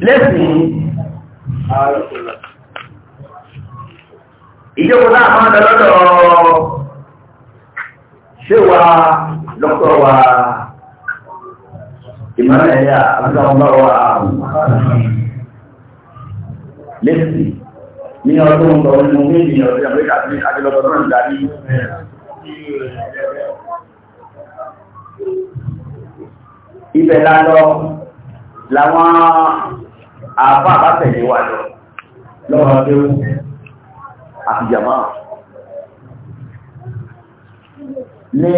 lẹ́sìn ìjókòó náà máa dá lọ́dọ̀ ṣé wa lọ́kọ̀ wa ìmọ̀lẹ̀ ẹ̀yà àbúrò wa lẹ́sìn ní ọdún ọ̀dọ̀ nínú méjì ọdún àmẹ́ríkà sí àjẹ́lọ́dọ̀ náà darí ibẹ̀ lálọ́ làwọn àbá àbátẹ̀lé wà lọ lọ́wọ́ kéwú àfìjàmá ní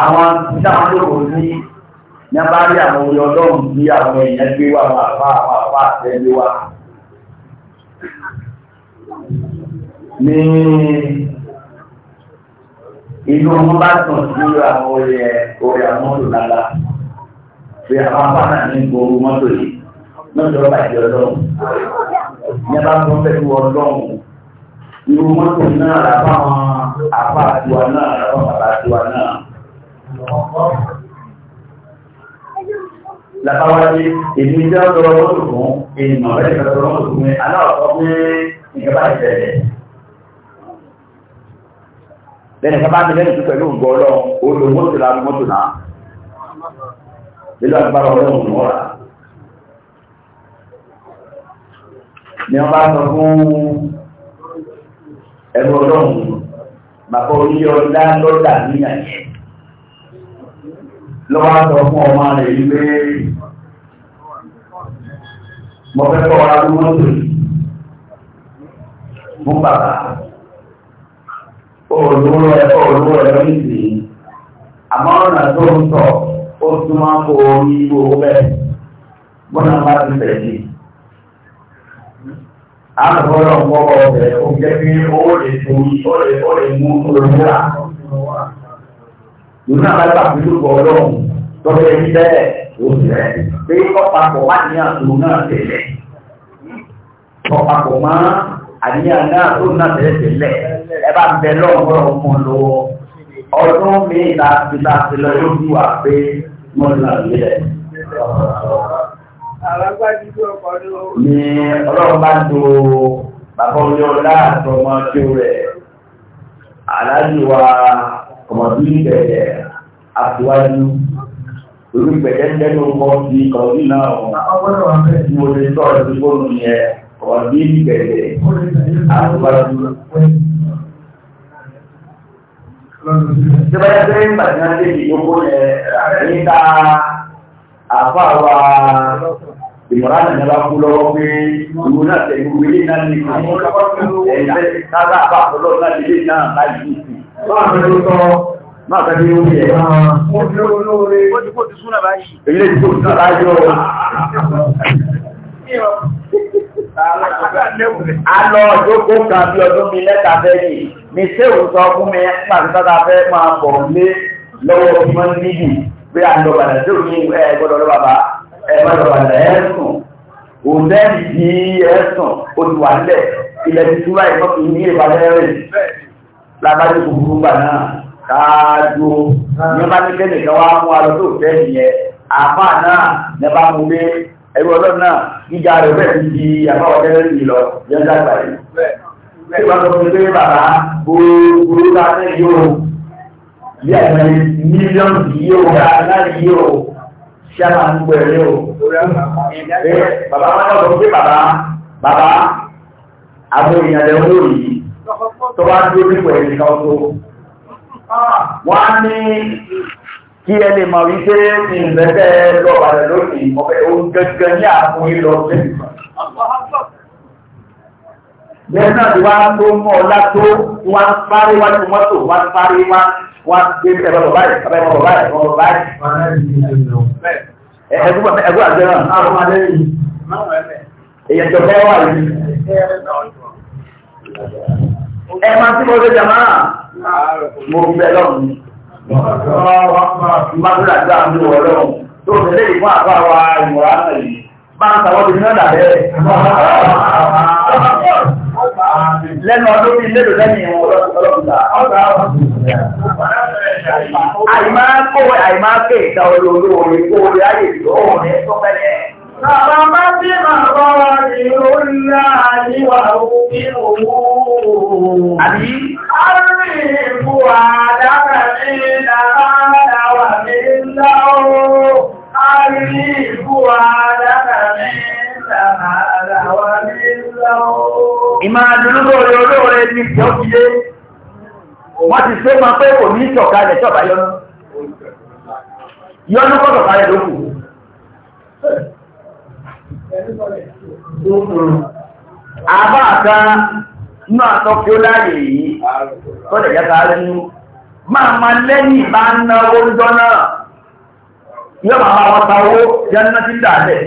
àwọn táwọn lóko sí ní bá rí àwọn orí ọlọ́run bí àwọn èèyàn gbé wà wà bá àwọn àbá àtẹ́lé wà ní inú wọn bá tàn sí àwọn orí àwọn olùlàlà pé àwọn apá náà ní gbòòrò mọ́tò yìí náà lọ́wọ́ bàjẹ́ ọlọ́run ní bá tó fẹ́ lu ọlọ́run irú mọ́tò náà rà báwọn apá àtiwá náà rà báwọn bàbá àtiwá náà. Làbáwájú èmi jẹ́ ọ̀dọ́rọ̀ mọ́tò fún ènìyàn rẹ̀ ìfẹ́ ọ̀dọ́rọ̀ mọ́tò fún mi aláwọ̀ pé ìjọba ìṣẹ̀lẹ̀. Lẹ́nu ìjọba mi lẹ́nu tó pẹ̀lú òǹgọ́ ọlọ́run ó lo mọ́tò lára mọ́tò náà. Lílọ́ àgbára ọlọ́run mọ́ra. ni wọ́n bá sọ fún ẹgbẹ́ ọlọ́run bàbá oníyọ ọlá lọ́dà níyà yẹn lọ́wọ́ sọ fún ọmọ rẹ̀ yìí pé mo fẹ́ kọ́ wa ló mọ́tò yìí fún bàbá olówó ẹ̀ olówó ẹ̀ lọ́yìn àmọ́ ọ̀nà tó ń sọ ó túmọ̀ kó orí gbogbo bẹ́ẹ̀ gbọ́dọ̀ bá ti tẹ̀lé àgbọ̀rọ̀ ọ̀pọ̀ ọ̀bẹ̀ oúnjẹ bí ó lè torí ó lè ó lè mú olùmúra. Yorùbá bá gbà pé lóko ọlọ́run lọ́dọ̀ ẹni bẹ́ẹ̀ ó bẹ̀rẹ̀ pé ọ̀pàpọ̀ má ní àtò náà tẹ̀lẹ̀. ọ̀pàpọ̀ má àníyàn náà tó náà tẹ̀lẹ̀ ẹ bá bẹ lọ́wọ́ ọkàn lọ́wọ́ ọdún mi ìta ìta ìlọ wà pé wọ́n lọ Ní ọlọ́run bá tó bàbá orí ọlá àti ọmọ tí ó rẹ̀, aláàjì wa kọ̀mọ̀dún ìbẹ̀rẹ̀ àtiwájú, orí ìbẹ̀rẹ̀ tẹ́nu ọkọ̀ ti kọ̀ọ̀dún náà tí mo lè sọ ọ̀dún fóònù yẹn kọ̀ọ̀dún ìbẹ̀rẹ̀ àtiwájú. Ìjọba ẹgbẹ́ ìgbàgbọ́n lè yókò yẹn àti ìmọ̀lá ní ẹ̀lá kú lọ́wọ́ pé ìwò náà tẹ̀ ìwò ilé náà ní ẹ̀yà tára àpapọ̀lọ́ láti ilé náà láti ìsìn. Báwọn ẹ̀rọ sọ máa tàbí ó yẹ. Ó ti kó ti súnà báyìí. Èyí A lọ ìjókòó kan bí ọdún mi lẹ́ta fẹ́yìn. Mi ṣé òun sọ fún mi nígbà tọ́ta fẹ́ máa bọ̀ lé lọ́wọ́ ọmọ níbi pé a lọ bàdà sí òun ní ẹ̀ gbọ́dọ̀ lọ bàbá ẹ̀mọ́dọ̀ bàtà ẹ̀sùn òǹdẹ́ẹ̀dì bí ẹ̀sùn oṣù wà nílẹ̀ ilẹ̀ ti túbà ìfọ́kì ní ìbàdàn rẹ̀ lábájú kúkúrú gbà náà káàdó ní bá ní kẹ́lẹ̀ kan wá mú alọ́ tó fẹ́ nìyẹn àfà náà ní bá mú lé ẹ̀rú ọlọ́run náà gíga rẹ̀ bẹ́ẹ̀ ti di àbáwọ̀tẹ́rẹ́ yìí lọ yẹn dàgbà yìí. ṣé fún pé bàbá gbogbo ta ní yóò bí àgbẹ̀ ṣé a máa ń gbọ́ ẹ̀rẹ́ o bàbá wọn náà sọ pé bàbá bàbá àwọn èèyàn lẹ́wọ́n lórí tó bá dúró nípò ẹ̀rẹ́ kan tó wọ́n á ní kí ẹni mọ̀ wípé ìrìnlẹ́gbẹ́ lọ bàrẹ̀ lónìí ọ̀fẹ́ òun ní àfún ìlọ jẹ́nìkan. bẹ́ẹ̀ náà ti wá tó mọ́ ọlá tó wá ń parí wá mọ́tò wá ń parí wá wọ́n gbé ẹ̀rọ bọ̀ báyìí ẹ̀rọ bọ̀ báyìí ẹ̀rọ bọ̀ báyìí. ẹ̀gbọ́n ẹ̀gbọ́n àti ẹ̀rọ àwọn alẹ́ yìí èèyàn jọ bẹ́ẹ̀ wà yìí. ẹ máa tí mo ṣe jàmá mo bẹ lọ́run ni. máa àmì wọ̀ tó wa yìí. lẹ́nu ọdún bíi mélòó lẹ́yìn ọlọ́pùtà. Àìmá kówé àìmá ké ìta orí olóore kówé ayé ìlú òun ní sọ́pẹ́lẹ̀. Bàbá má bí bàbá wa ní orílẹ̀ àníwá òkú ní ìdára wà A rí ìbú àdára ní Ìmá àdúrúgbò orí olóòrẹ ní ìfẹ́ wọ́n ti ṣe máa pé kò ní ìṣọ̀kalẹ̀ ṣọ̀bá yọnú. Yọnú kọ́ ṣọ̀kalẹ̀ ló kù. Àbá kan nínú àtọ́kí ó láàyè yìí, tó lè Máa ma lẹ́yìn náà,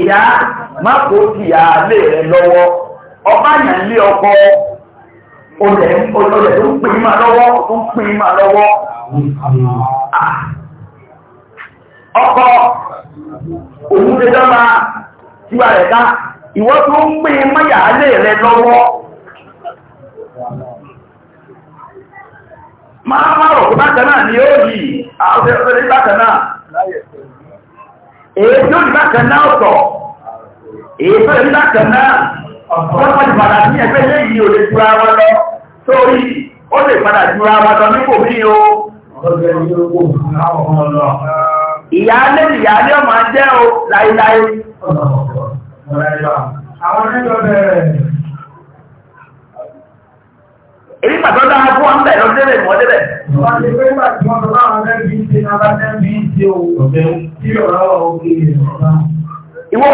ìyá má kó ìyá lè rẹ lọ́wọ́ ọba yẹn lé ọkọ olè olè tó ń pín ma lọ́wọ́ tó ń pín lọ́wọ́ ọkọ òun lè dọ́gba tiwa rẹ̀ ká ìwọ tó ń pín mọ́yà lè rẹ lọ́wọ́ máa rọ̀ kó ni ó yìí àwọn èyí tó ní bákan náà ọ̀tọ̀ èyí tó ní bákan náà ọ̀pọ̀lọpọ̀ ìpadà sí ẹgbẹ́ léyìí ò lè jura wọn lọ sórí ó lè padà jura wọn lọ nípò mí o. ìyáálé ìyáálé ọmọ jẹ́ o láíláí. àwọn ẹgbẹ́ bẹ̀rẹ̀ èyí pàtó dára fún wa ń bẹ̀ lọ́dún débẹ̀ mọ́ débẹ̀. ìwọ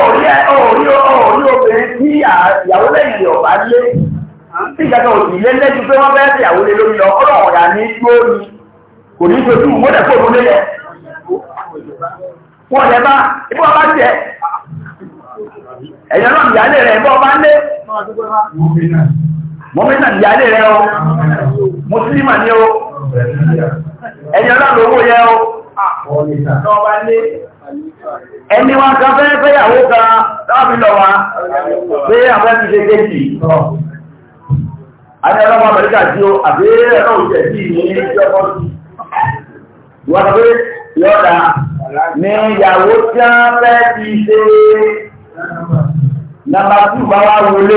òrí ẹ òrí òrí obìnrin tí ìyàwó lẹ́yìn ọ̀bá lé tí ìjàgbá òsì lé lẹ́jú pé wọ́n bẹ́ẹ̀ ìyàwó lé lórí ọkọ̀rọ̀ ọ̀yà ní gbóòní kò ní ṣojú mọ́lẹ̀ fóònù lélẹ̀ wọ́n lẹ bá ibú ọba tiẹ̀ ẹ̀yọ́ náà ìyálé rẹ̀ ibú ọba lé mọ́mítà ìyálé rẹ o mùsùlùmí ni o ẹni ọlọ́run owó yẹ o ẹni wọn kan fẹ́ fẹ́yàwó kan láàbí lọ wa pé àwọn ti ṣe kéjì a ní ọlọ́run amẹ́ríkà tí ó àbí ẹ̀rọ òjẹ̀ sí ní ìjọpọ̀ sí wọ́n sọ pé yọ̀dà ní ìyàwó tí wọ́n fẹ́ ti ṣe nàbàtú bá wà wọlé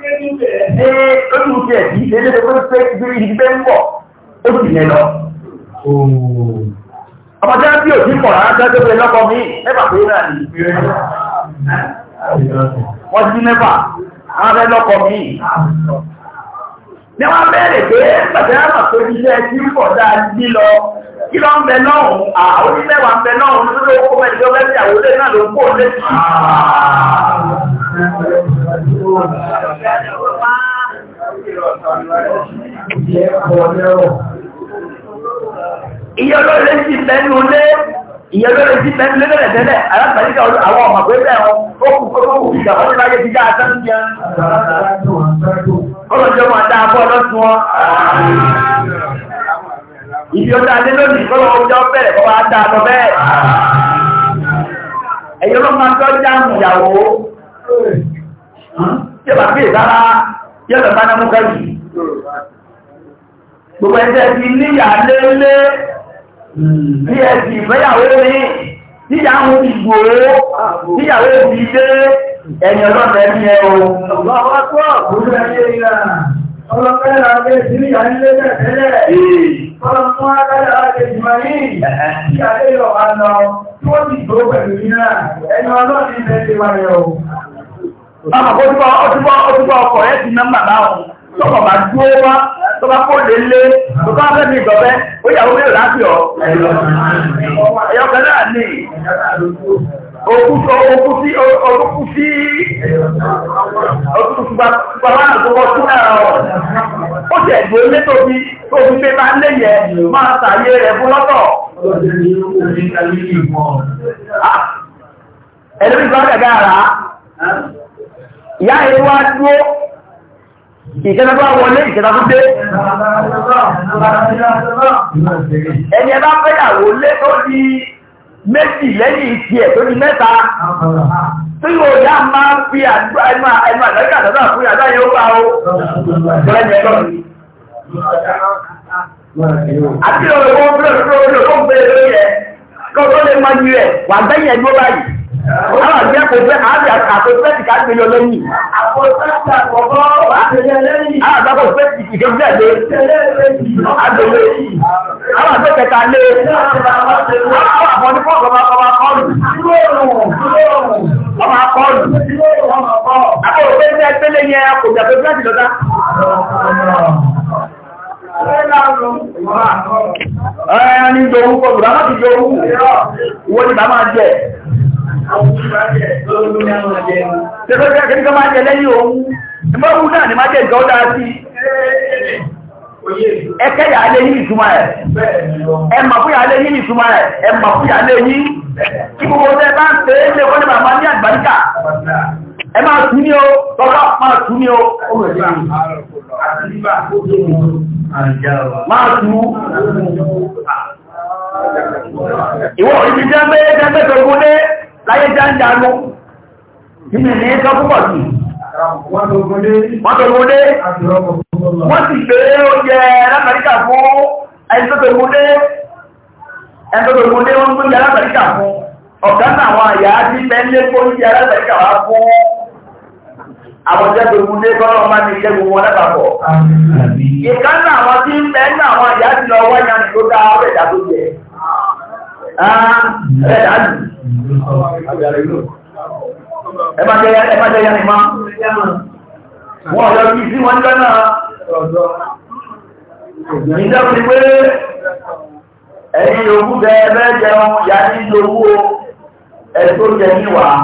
ṣé lójú ti ẹ̀ kì í ṣe léṣe pé pé ìgbéri ìdí bẹ́ẹ̀ ń bọ̀ ó sì yẹn lọ. ọmọdé bí òsì pọ̀ rárá jẹ́ pé lọ́kọ mi mẹ́fà pé náà ní wọ́n ti mẹ́fà àwọn abẹ́ lọ́kọ mi. ní wọ́n bẹ̀rẹ̀ pé pàṣẹ àmà pé iṣẹ́ tí ń bọ̀ dáa ní lọ kí ló ń bẹ lọ́hùn-ún àwọn onímẹ̀wà ń bẹ lọ́hùn-ún lórí owó mẹ́rin tó fẹ́ Ìyẹ́ olóòrẹ́ sí mẹ́nu lé, ìyẹ́ lé bẹ̀rẹ̀ tẹ́lẹ̀, alápàdíkà àwọn ọmọ pé bẹ́ẹ̀ wọn, ó kù láyé ti dáa tán jẹ́. Ọlọ́jọ́ máa dáa fọ́ ọlọ́sùn wọn. Ìbí ọdá adé lónìí, kọ́lọ́ ọjọ́ bẹ̀rẹ̀ kọ́ ṣe bá bí ìdára yẹ́lẹ̀ bá náà mú kẹ́jì gbogbo ẹ̀jẹ̀ ti níyà lélé bí ẹ ti ìfẹ́yàwó ní níyàwó ti gbòó níyàwó ti dé ẹ̀yìn ọlọ́pẹ́ ní ẹ̀rọ Ọlọ́pẹ́ láti ìsinmi àílé tẹ̀tẹ̀lẹ̀. Ọlọ́pẹ́ láti ìsinmi àílé tẹ̀tẹ̀lẹ̀. Báwo kó tí wọ́n tí wọ́n tí wọ́n ọkọ̀ rẹ̀ ti nọ́mbà báwọn. Sọ́kọ̀ bá dúró wá, tó bá kó lé lé, tó bá fẹ́ mi gbọ̀bẹ́, ó yàwó mi láti ọ̀. Ẹ̀yọ̀kẹ́ náà ní. Okúsọ okú sí okú sí okú bàbá àgbọ̀wọ́ sí náà ọ̀. Ó jẹ̀ ìgbó lé tóbi tó fi pé máa ń lé yẹ máa tàyé rẹ̀ fún lọ́tọ̀. Ah! Ẹ̀lẹ́bí bá kẹ̀kẹ́ àrá ìyá yẹn wá dúró ìkẹta tó wọlé ìkẹta tó dé ẹni ẹ bá fẹ́yàwó lé tó di méjì lẹ́yìn ìtì ẹ̀ tó di mẹ́ta tí yóò yá máa ń fi àdúrà ẹnu àdáríkà àdúrà fún yàrá yóò bá o lẹ́yìn ẹ̀rọ mi. àti òwe wọn bí òṣèlú olóògbé lórí ẹ kó tó lè máa ju ẹ wà gbẹ̀yìn ẹgbẹ́ báyìí. Àwọn àjẹ́ kò fẹ́ àti àpòfẹ́tì ká gbé yọ lẹ́yìn. Àpòfẹ́tì àkọ́kọ́ àtẹ̀yẹ lẹ́yìn. Àwọn àjẹ́ kò fẹ́ ìkẹ́gbẹ́ lé. Àgbèlè. Àwọn àjẹ́ kẹta lé. Àwọn àbọ̀ ní fọ́ọ̀kọ́ máa kọ́ máa kọ́ọ̀lù. Wọ́n máa kọ́ọ̀lù. Àpòfẹ́tì ẹgbẹ́lẹ́ yẹn kò jà Ẹ̀yà ní ìjọ orúkọ bùdá jọ orú. Owó ni bàá máa jẹ. Tẹ́fẹ́fẹ́ kìí máa jẹ lẹ́yìn òun. Ẹgbẹ́ òun náà ni máa jẹ ìjọ dáa sí. Ẹkẹ́ yà ẹ̀. ẹ̀. Kí gbogbo bá ń pè é ní ẹ máa tún ní o bàbá máa tún ní o máa tún ìwọ ìbí jẹ́gbé jẹ́gbé gbogbo ní láyé jẹ́jẹ́nu nínú ní ẹjọ́ púpọ̀ sí wọ́n tó gbogbo dé wọ́n sì gbé oúnjẹ lápàríkà fún ẹni tó gbogbo dé ẹni tó lápàríkà fún ọ̀gá náà àwọn àyà tí mẹ́lẹ́gbó oúnjẹ lápàríkà wá fún àwọn jẹ́gbẹ̀ ogun dé kọ́lọ̀ máa ní iṣẹ́ gbogbo ọlẹ́pàpọ̀. ìkan náà àwọn tí ń bẹ ní àwọn ìyá ti lọ wáyà ní tó dá ọ̀rẹ́ ìdá tó jẹ. ẹ dàlù. ẹ má jẹ ẹ má jẹ yanni má. wọn yọ bí sí wọn jẹ náà. ìjọba ti pé ẹ̀yin yòókù bẹ ẹ bẹ jẹun yanni yòókù ẹ tó jẹ níwàá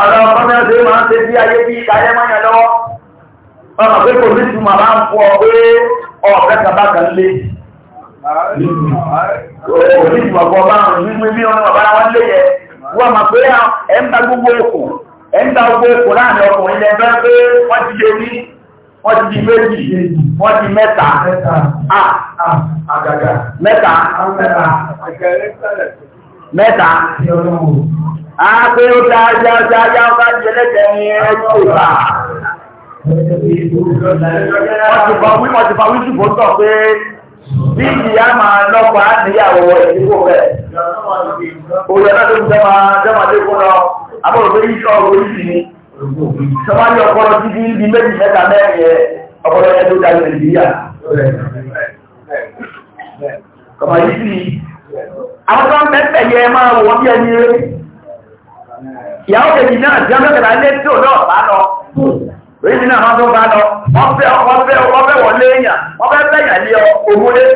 ọ̀rọ̀ ọmọdé ṣe máa ń ṣe bí ayé bí ìkàyẹ́ mọ́yàn lọ́wọ́ ọmọ pé kò ní túmọ̀ máa ń fọ pé ọ̀fẹ́ kàbákà ń lé kò ní túmọ̀ fọ máa ń wí bí ọmọ bàbá wọn lé yẹ wọ́n mọ̀ pé ẹ̀ ń bá gbogbo òkú ẹ̀ ń bá gbogbo òkú láàrin ọkùnrin lẹ́ fẹ́ pé wọ́n ti lé ní wọ́n ti di méjì wọ́n ti mẹ́ta mẹ́ta mẹ́ta Àpé ó dájá dájá ọba jẹlẹ́jẹ̀ ní ẹjọ́ ìgbà. Ọ̀tùbọ̀ wí ọ̀tùbọ̀ wí ṣùgbọ́ tọ̀ pé bí ìyá máa lọ́pọ̀ á níyàwó ìdíwó rẹ̀. Òyìn ọ̀nà tó ń jẹ́ máa lọ, iṣẹ́ oríṣi ni. ibi méjì mẹ́ta mẹ́rin tó dájú Nàìjíríà. Kọ̀mọ̀ yìí àwọn tó ń yẹ máa bí ẹni ìyàwó kejì náà tí wọ́n fẹ́ kẹta ilé tí ò náà bá lọ èyí náà máa tó bá lọ wọ́n fẹ́ wọ́n fẹ́ wọ́n fẹ́ wọ́n lé èèyàn wọ́n fẹ́ fẹ́ yàn lé ọkọ̀ wọ́n ẹ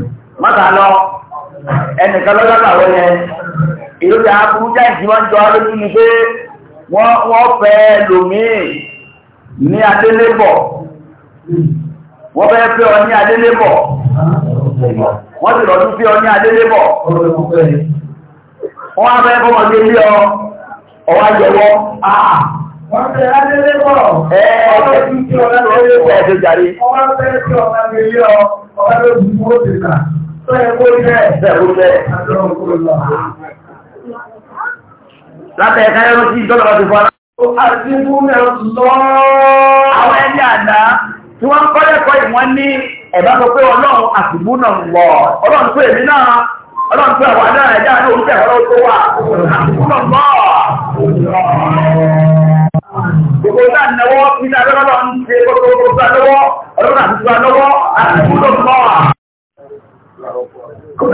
ẹ lọ ẹnìkan lọ́jọ́ àwọn yẹn ìlú ti àkúrú jẹ́ ìdíwọ́n jọ lójú ni pé wọ́n fẹ́ lòmíì ní adélébọ̀ wọ́n bẹ́ẹ̀ fẹ́ ọ ní adélébọ̀ wọ́n sì lọ́dún fẹ́ ọ ní adélébọ̀ wọ́n á bẹ́ẹ̀ fọ́mọ̀ sí ilé ọ ọwá jọwọ́ ah. Wọ́n bẹ̀rẹ̀ adélébọ̀ ọ̀pẹ́ tí tí ọ̀rẹ́ lọ́wọ́ ẹ̀ṣẹ̀jàrí. Ọwá bẹ̀rẹ̀ tí ọ̀rẹ́ lọ́wọ́ ọ̀rẹ́ lọ́wọ́ ọ̀rẹ́ Lábẹ́ ẹ̀ká ẹ̀rọ sí ìjọ́lọ́wọ́ ti fọ́nà. Àwọn ẹni àdá tí wọ́n ń kọ́lẹ̀kọ́ ìwọ́n ní ẹ̀bá sọ pé ọlọ́run àtìbú náà lọ. Ọlọ́run pé èmi náà, ọlọ́run pé àwọn náà ẹ̀dá ní oúnjẹ ọ̀rọ̀ tó wà. Àtìbú náà lọ. Gbogbo náà nẹwọ́ fi dá lọ́wọ́ ń ṣe gbogbo gbogbo lọ́wọ́, ọlọ́run àtìbú náà lọ́wọ́, àtìbú náà lọ. Kò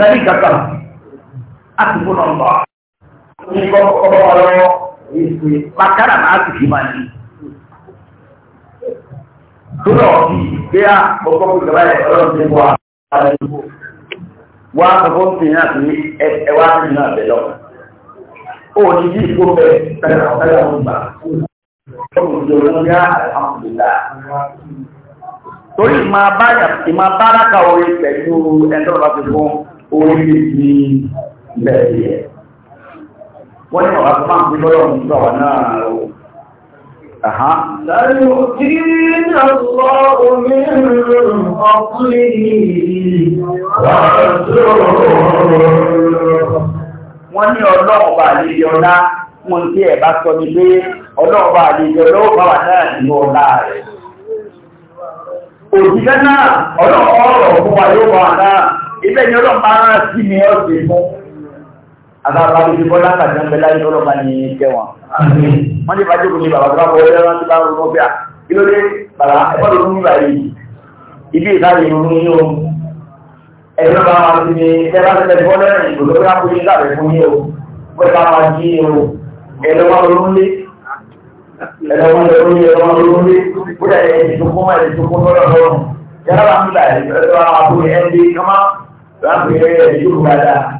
bàkárà máa sì fi máa ní. Tónà ọ̀bí gbé à gbogbo ìjọba ẹ̀ ọlọ́run ti wà ara ìlú. Wá gbogbo ń fi hàn sí ẹwà ní ìlú àbẹ̀ lọ. Ó ní bí ìkó bẹ̀ pẹ̀lú ọ̀pẹ̀lú àwọn ìgbà. Ọmọ ìjọba ń yá àmàlùdà. Torí ìmọ̀ abáyà ìmọ̀ abáraka orin pẹ̀lú ẹ̀dọ́rọ̀ bá ti fún orin ní ìbẹ̀rẹ̀ yẹn wọ́n ní ọ̀rá tó máa ń pín lọ́rọ̀ ní ìgbà wà náà o. Láyé òkè ní àlọ́ omi ọkùnrin wọ́n ní ọlọ́ọ̀bà àlejò ọlá mo tí ẹ̀ bá sọ náà ní ọ̀rọ̀ fún wa yóò wà náà, ibẹ̀ ni ọlọ́ọ̀bà rán sí mi ọ̀sẹ̀ fún àgbàgbà ibi bọ́lá kàdé ń bẹ láyé lọ́rọ̀ bá ní kẹwọn. wọ́n ti fàájú kùnú bàbá tó bá wọlé wọn ti bá wọn lọ́gbẹ́ à kí ló dé bàbá ẹ̀fọ́ ló ń bá yìí ibi ìdáyé ló ń yó ẹ̀rọ bá wọn ti ní ẹ̀rọ bá tẹ̀lé fọ́lẹ́ ìgbòho tó bá kú ní ìlàbẹ̀ fún yín o wọ́n bá wọn jí o ẹ̀rọ bá wọn lé ẹ̀rọ bá wọn lé ẹ̀rọ bá wọn lé kó dà ẹ̀ ìdókòwò ẹ̀ ìdókòwò lọ́rọ̀ lọ́rùn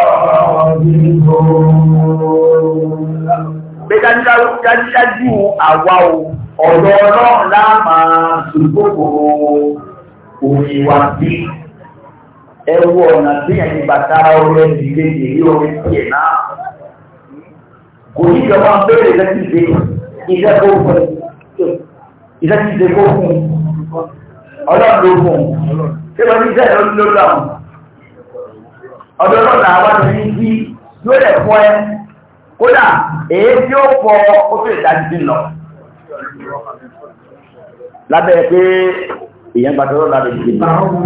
Pé dájúdájú àwa o, ọ̀rọ̀ ọlọ́run láàmà ṣùgbọ́kò òyìn wà bí ẹwú ọ̀nà tí ẹ̀yìn bàtà ọrẹ́ ìdílé ìdílé orí sí ẹ̀ náà. Kò ní ìjọba ń bèèrè lẹ́tìdé iṣẹ́ tó fún iṣẹ́ yóò lẹ̀ ẹ kódà ó fọ ó ìdájú lọ lábẹ́ pé èèyàn gbàtọ́ lọ́la lè àwọn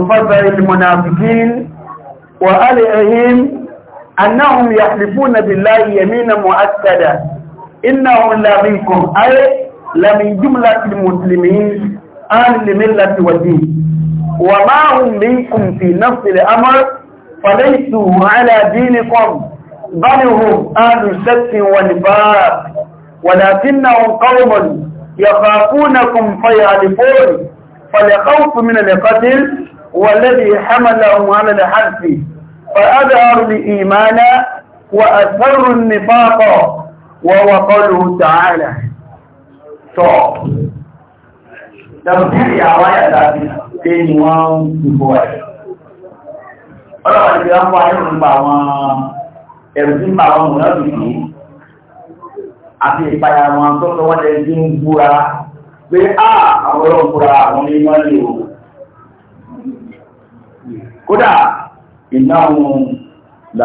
ní àti ìwọ̀n المنافقين وآلئهم أنهم يحلفون بالله إنه لا منكم أي لا من جملة المسلمين أهل الملة والدين وما هم منكم في نفس الأمر فليسوا على دينكم بل هم أهل شك ونفاق ولكنهم قوم يخافونكم فيعرفون فالخوف من القتل والذي حملهم على الحرف فأظهروا الإيمان وأثروا النفاق وهو قوله تعالى طاعة تنبيه عوايا تاني وان كفوية ọlọ́pàá ń wáyé nípa àwọn ẹ̀rù tí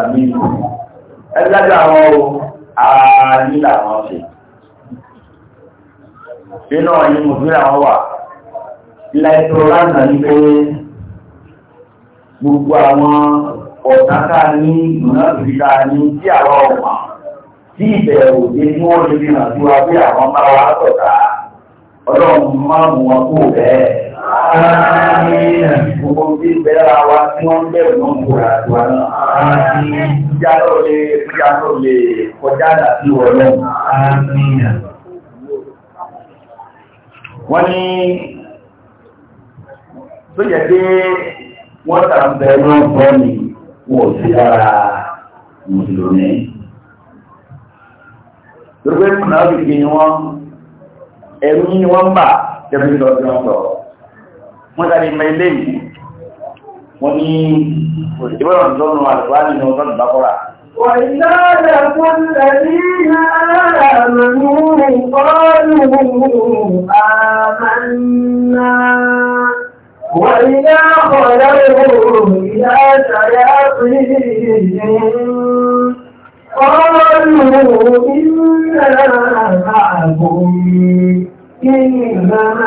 wọ́n lè àwọn ara àwọn làwọn ṣe nínú ọ̀yìn mùsùlùmí àwọn wà lẹ́tọ̀ láǹtà ní gbogbo àwọn ọ̀táká ní ìrìnàjò ní àwọn wa àwọn Gbogbo tí bẹ́ra wa tí wọ́n bẹ̀rù náà ń kòrò àdúrà náà. Ìjà tó lè ìjà tó lè kọjá àdàtí wọ̀ náà. Wọ́n ní tó yẹ pé wọ́n tàbí ẹ̀rọ bọ́ ni wọ́n sí lára mùsùlùmí. Gbogbo ìpínlẹ̀ ọ̀gbìn ni wọ́n ẹ̀rú ni wọ́n bà jẹ́ bí lọ́dún ọ̀gbọ̀n wọ́n sáré mọ ilé yìí wọ́n ní ìwé ìrọ̀lọ́nù àlùbá nínú ọdún ìbákọ́ra. وَإِذَا الَّذِينَ آمَنُوا قَالُوا آمَنَّا وَإِذَا خَلَوْا إِلَى شَيَاطِينِهِمْ قالوا إنا معكم إنما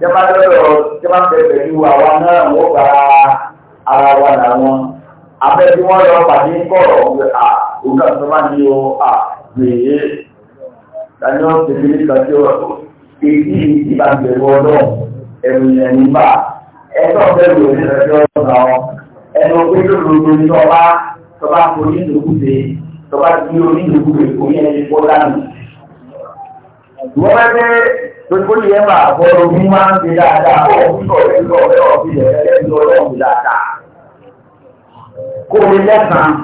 jẹba lọ́dọ̀ jẹba bẹ̀rẹ̀ pẹ̀lú àwa náà wọ́n gba ara wa làwọn abẹ́bí wọ́n lọ pàdé kọ̀rọ̀ pé à òkà tó bá ní o à gbèé tani wọ́n ti fi nípa tí ó èyí ti bá bẹ̀rù ọlọ́run ẹ̀rù yẹn nípa ẹ̀tọ́ bẹ̀rù òní lọ́jọ́ ọ̀nà ẹnu pé lóòótọ́ ní ẹni kó wọ́n fẹ́ pé gbogbo yẹn máa bọ́ omi máa ń ṣe dáadáa ọ̀hún ọ̀rẹ́ ọ̀rẹ́ ọ̀bí rẹ̀ ẹ̀rí ọlọ́run dáadáa kó o lè lẹ́sàn-án.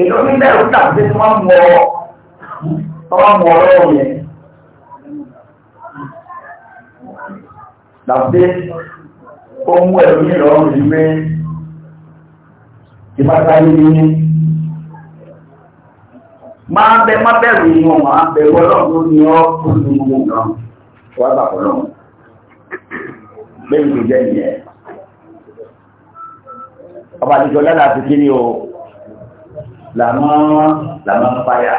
èlò nílẹ̀ ó dàbí tí wọ́n mọ ọwọ́ mọ ọlọ́run yẹn. dàbí ó mú ẹ̀rù nílọ́run yìí pé ìbáta yìí ní máa bẹ má bẹ̀rù wọn máa bẹ̀rù ọlọ́run ní ọ́ fún gbogbo nǹkan wà bà ọlọ́run bẹ́ẹ̀ ló jẹ́ ìyẹn ọba àti ìjọba láti kí ni o làmọ́ làmọ́ ń fàyà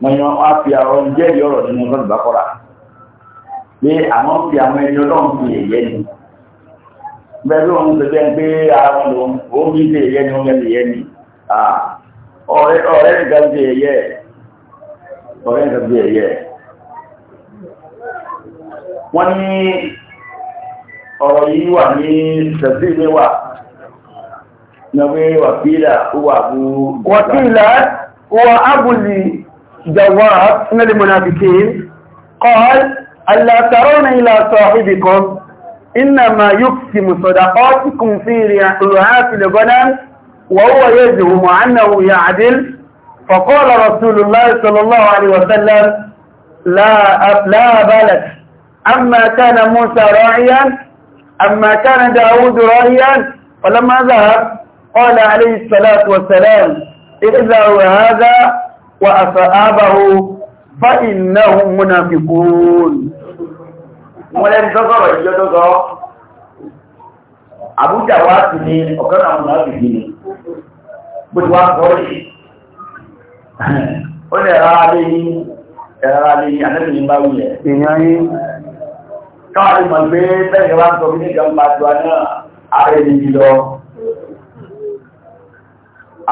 wọ́n yan wá fi àwọn ìjẹ́rìí ọ̀rọ̀ nínú ọlọ́run bá kọ́ra pé àwọn fi àwọn ẹni ọlọ́run fi èyẹ ni bẹ́ẹ̀ ló ń sọ pé àwọn òun fi èyẹ ni wọ́n fẹ́ yẹ ni. Ah ọ̀rẹ́ ọ̀rẹ́ nìkan bí ẹ̀yẹ ọ̀rẹ́ nìkan bí ẹ̀yẹ wọ́n ní ọ̀rọ̀ yìí wà ní sẹ̀sílẹ̀ wà nàwé wàkílà wà bú wàkílà wà ábùlì jàwà nílẹ̀ mọ̀nàfikì قال ألا ترون إلى صاحبكم إنما يقسم صدقاتكم في رعاة الغنم وهو يزعم أنه يعدل فقال رسول الله صلى الله عليه وسلم لا لا بلد أما كان موسى راعيا أما كان داود راعيا فلما ذهب قال عليه الصلاة والسلام اذعوا هذا وأصحابه فإنهم منافقون ولن تظهر الجدد أبو جواد من أكرم منافقين bó ti wá kọ́ rí ó lè rárá lé ní ẹ̀rárá lé ní àtẹ́sìn bá wulẹ̀ èèyàn yìí káwọn ti mọ̀ pé bẹ́ẹ̀ wá ń sọ bí nígbà ń bá tiwa náà ààrẹ ní jùlọ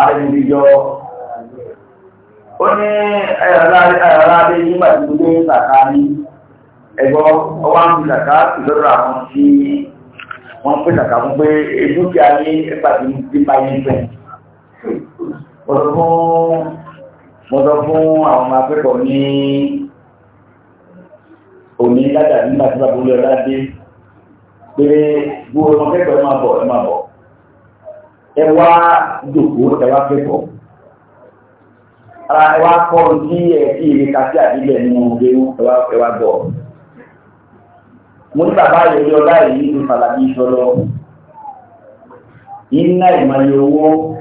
ààrẹ ní jùlọ ó ní ẹ̀rárá lé ní màtúndé sàkárí ẹgbọ́ ọwá ń bìtàkà lọ́rọ̀ àwọn tí wọ́n pèsàkà fún pé dúkìá ní ẹgbàtí nípa yìí bẹ́ẹ̀ mo sọ fún àwọn akẹ́kọ̀ọ́ ní òní ládàá nígbà tí bàbá olóyè ọlá dé pé gbogbo ọmọ akẹ́kọ̀ọ́ ẹ máa bọ̀ ẹ máa bọ̀ ẹ wá dòkó ẹ wá kẹ́kọ̀ọ́ ara ẹ wá kọ́ ní ẹ kí èrè kásí àdílẹ̀ nínú ewu ẹ wá bọ̀ mo ní bàbá olóyè ọlá yìí ní fàlàbí ìṣọlọ iná ìmọ̀lẹ̀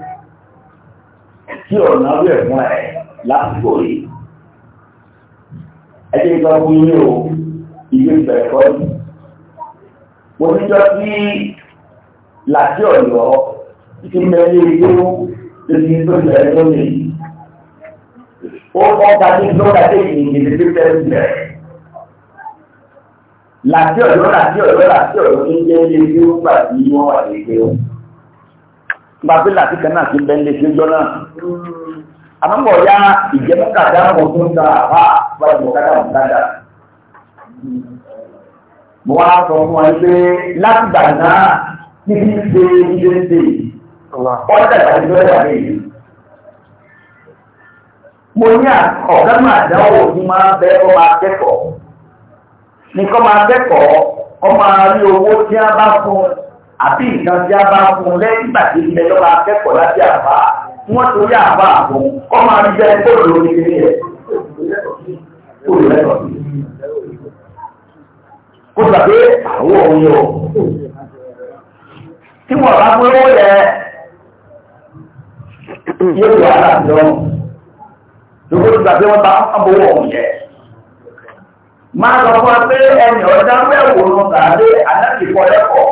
tí ọ̀nà rẹ̀ fún ẹ̀ lásìkò yìí. ẹ jẹ́ ìgbà fún yín o ìwé ìbẹ̀rẹ̀kọ́ yìí. mo ní jọ sí làtí ọ̀yọ́ títí mẹ́rin ilé ó lórí tó bẹ̀rẹ̀ lónìí. ó kọ́ dájú tó dájú ìyìnbí tó bẹ̀rẹ̀ bẹ̀rẹ̀ làtí ọ̀yọ́ làtí ọ̀yọ́ làtí ọ̀yọ́ ní jẹ́ ilé tí tí wọ́n wà ní ilé o gbàgbé láti kan náà ti bẹ́ẹ̀ lé sí ọjọ́ náà. àmọ́ ọ̀yá ìjẹ́mọ́kàdá mọ̀ tó ń ta àbá báyìí mọ̀ kádà mọ̀ kádà. mo wá sọ fún wọn pé láti gbà náà kí n ṣe ṣe ń ṣe ọ̀dà ìgbàlódé ọ̀dà yìí. mo ní ọ̀gá máa dánwò ní máa bẹ ọmọ akẹ́kọ̀ọ́ ní máa kẹ́kọ̀ọ́ ọmọ àárín owó tí a bá fún un àbí nǹkan tí a bá fún un lẹ́yìn ìgbà tí ilẹ̀ lọ́ba akẹ́kọ̀ọ́ láti àbá wọ́n torí àbá àbọ̀ kọ́ máa ń jẹ́ bóòlù oníkiri rẹ̀ kó lè lẹ́tọ̀ọ́ sí i. kó gbà pé àwọn òun yọ tí wọ́n bá pé ó yẹ yóò yọ ara jọ lóko tó gbà pé wọ́n bá àbọ̀wọ̀ òun yẹ. máa lọ fún wa pé ẹnì ọ̀dá mẹ́wòó ló ń gbà dé àdáàbì kọ́ lẹ́kọ̀ọ́.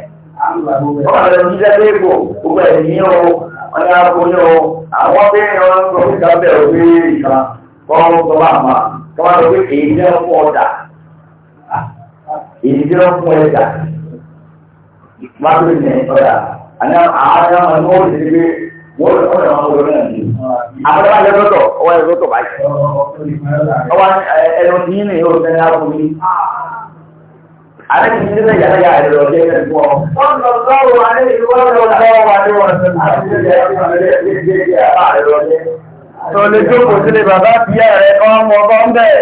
Ọ̀rọ̀ rẹ̀ ti jẹ́ pé kò gbogbo ẹ̀mí o, ọ̀nà akóyó o, àwọn bẹ́ẹ̀rẹ̀ wọn sọ fún ìdábẹ̀ òwe ìkan kọ́rọ́ tó bá mà, tó bá lọ pé èyí jẹ́ fún ọjà, èyí jẹ́ fún ẹja. Má tó ní ọjà, àná àwọn ọmọ ní wọ́n ti gbé wọ́n lọ sọ́dọ̀ àwọn ọmọ náà ní. Àwọn ọmọ ẹgbẹ́ lọ́tọ̀, ọwọ́ ẹgbẹ́ lọ́tọ̀ báyìí. Ọwọ́ ẹnu tí yín nìyí ò عليك سنة يا يا الوجيه الفوق صلى الله عليه وسلم Sọ lè jókòó sílé bàbá ti yá rẹ̀ kan mọ ọgbọ́ ń bẹ̀.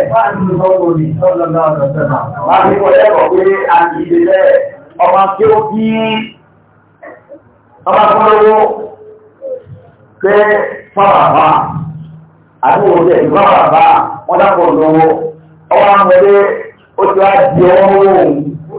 Ọba tí ó kí ọba tó lówó pé fọ́bàbá, àti òjò ìfọ́bàbá, wọ́n dápọ̀ lówó, ọwá ń wọlé ó ti wá di ọwọ́ òun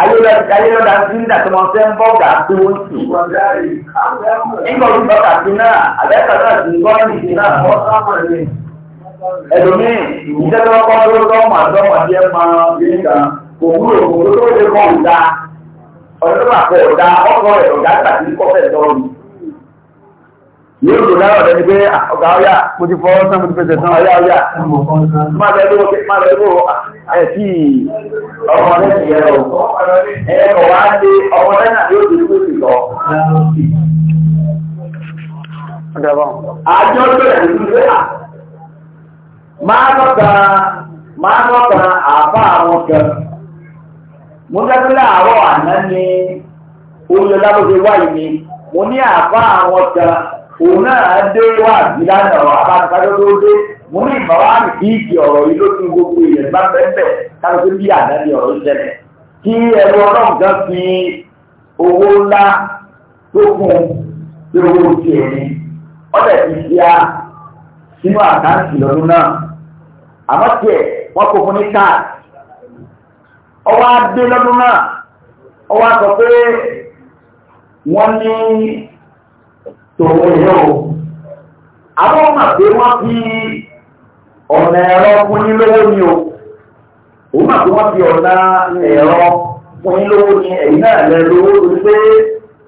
ayélujára ti ń dàtọ́ wọn fẹ́ ń bọ́ gà tó ń tù. nígbà tó ń bọ́ kàtí náà àbẹ́kà náà ti ń gbọ́ ní ìdí náà bọ́ sáwọn ẹ̀rẹ́. ẹlòmíì ìjẹ́ tó kọ́ tó tọ́mọ̀ àtọ́mọ̀ díẹ̀ máa ń bí kan kò wúlò kò tó lè kọ́ ọ̀dà ọ̀dọ́ bàbá ọ̀dà ọkọ̀ rẹ̀ gbàtí kọ́fẹ́ tọ́lù yóò tó dáwọ̀ lẹ́ni pé ọ̀gá ọ̀yá mo ti fọwọ́ sán mo ti fẹsẹ̀ sán ọ̀yá ọ̀yá má lọ ẹgbẹ́ òkè má lọ ẹgbẹ́ ẹ̀sì ọmọ lẹ́sìn yẹn o ẹ̀kọ́ wá dé ọmọ lẹ́nà yóò tó tó sì lọ. àjọ bẹ̀rẹ̀ àná ni olùlọ́lá bó mo ní àbá àwọn kan. òun náà dé wáàbí lánàá ọ̀rọ̀ abájúkájọ́ tó dé ní ìmọ̀wá mi kì í di ọ̀rọ̀ yìí gbogbo èèyàn bá bẹ́ẹ̀ tó bí àdáni ọ̀rọ̀ ìṣẹ̀lẹ̀ kí ẹ̀rọ ọlọ́run kan fi owó ńlá tó kún sí owó ọ̀dẹ̀ ti fi a sínú àkáǹtì lọ́dún náà àmọ́ tiẹ̀ wọ́n fún ní ọwọ́ adé lọ́dún náà ọwọ́ tòun yẹn o àwọn ọmọ pé fi ọ̀nà ẹ̀rọ ni o òun àti wọ́n fi ọ̀nà ẹ̀rọ fún lówó ni ẹ̀yìn náà lẹ lówó pé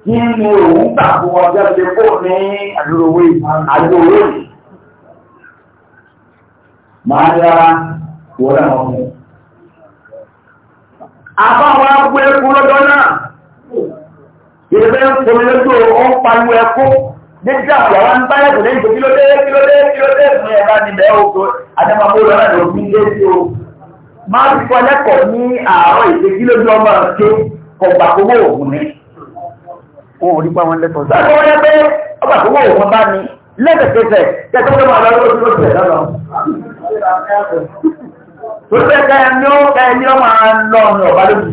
kí ni òun gbà fún ọjọ́ ṣe fún ní àdúrówó àdúrówó yìí máa yára wọ́n náà wọ́n mú. agbó ẹkú náà nígbà ìyàwó ń bá yàtọ̀ lẹ́yìn tó kí ló dé kí ló dé kí ló dé fún ẹ̀ka nílẹ̀ oko adamabo lọ́nà ló lé sí o máa ń kọ́ lẹ́kọ̀ọ́ ní àárọ̀ ìṣe kí ló dé ọmọ ṣe ọgbà owó òògùn ni. o ò rí pa wọn lẹ́kọ̀ọ́ sí. wọ́n yẹ pé ọgbà owó òògùn bá ní lẹ́sẹ̀kẹsẹ̀ kẹ́kọ̀ọ́ tó máa lọ lórí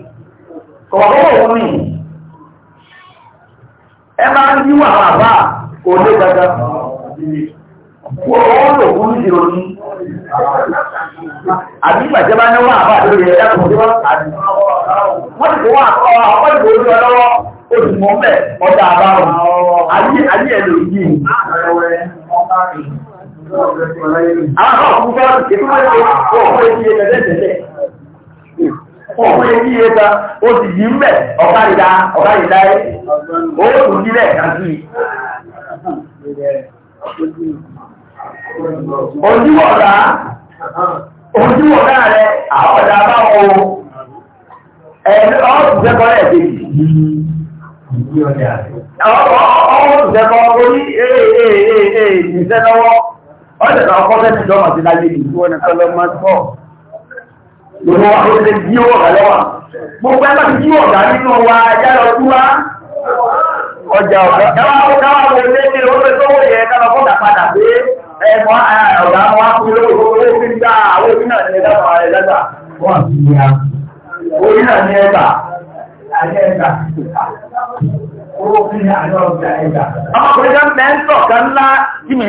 kọ̀ọ̀kọ́ òun ni ẹ máa ń kò lé gbàgbà kó lò fún ìṣirò ní àbí ìgbàjẹ́ bá náwó àbá tó lè ẹ̀dá wọ́n àwọn òun yẹ kí iye kan ó sì yí ń bẹ̀ ọ̀kadìdá ọ̀kadìdá yẹ ó tún nílẹ̀ kàkí. ojúwọ̀dá ojúwọ̀dá rẹ̀ àwọn ọ̀dà bá wo ẹ̀ẹ́dẹ́ ọ̀ọ́dún sẹ́kọ̀ọ́ rẹ̀ ee ọ̀rọ̀ orí èèyàn ìṣẹ́ lọ́wọ́ láyé lọ́wọ́ àwọn ọ̀sẹ̀ yí ọ̀gá lọ́wọ́ gbogbo ẹgbẹ́ ti yí ọ̀gá nínú wa ẹjá lọ tú wá ọjà ọ̀gá káwá ó káwá wo lé ní owó tó wó yẹ ká lọ fọ́gà padà pé ẹ̀mọ́ ọ̀gá wa kú lówó owó tí ń dá àwọn òbí náà ní ẹ̀dá máa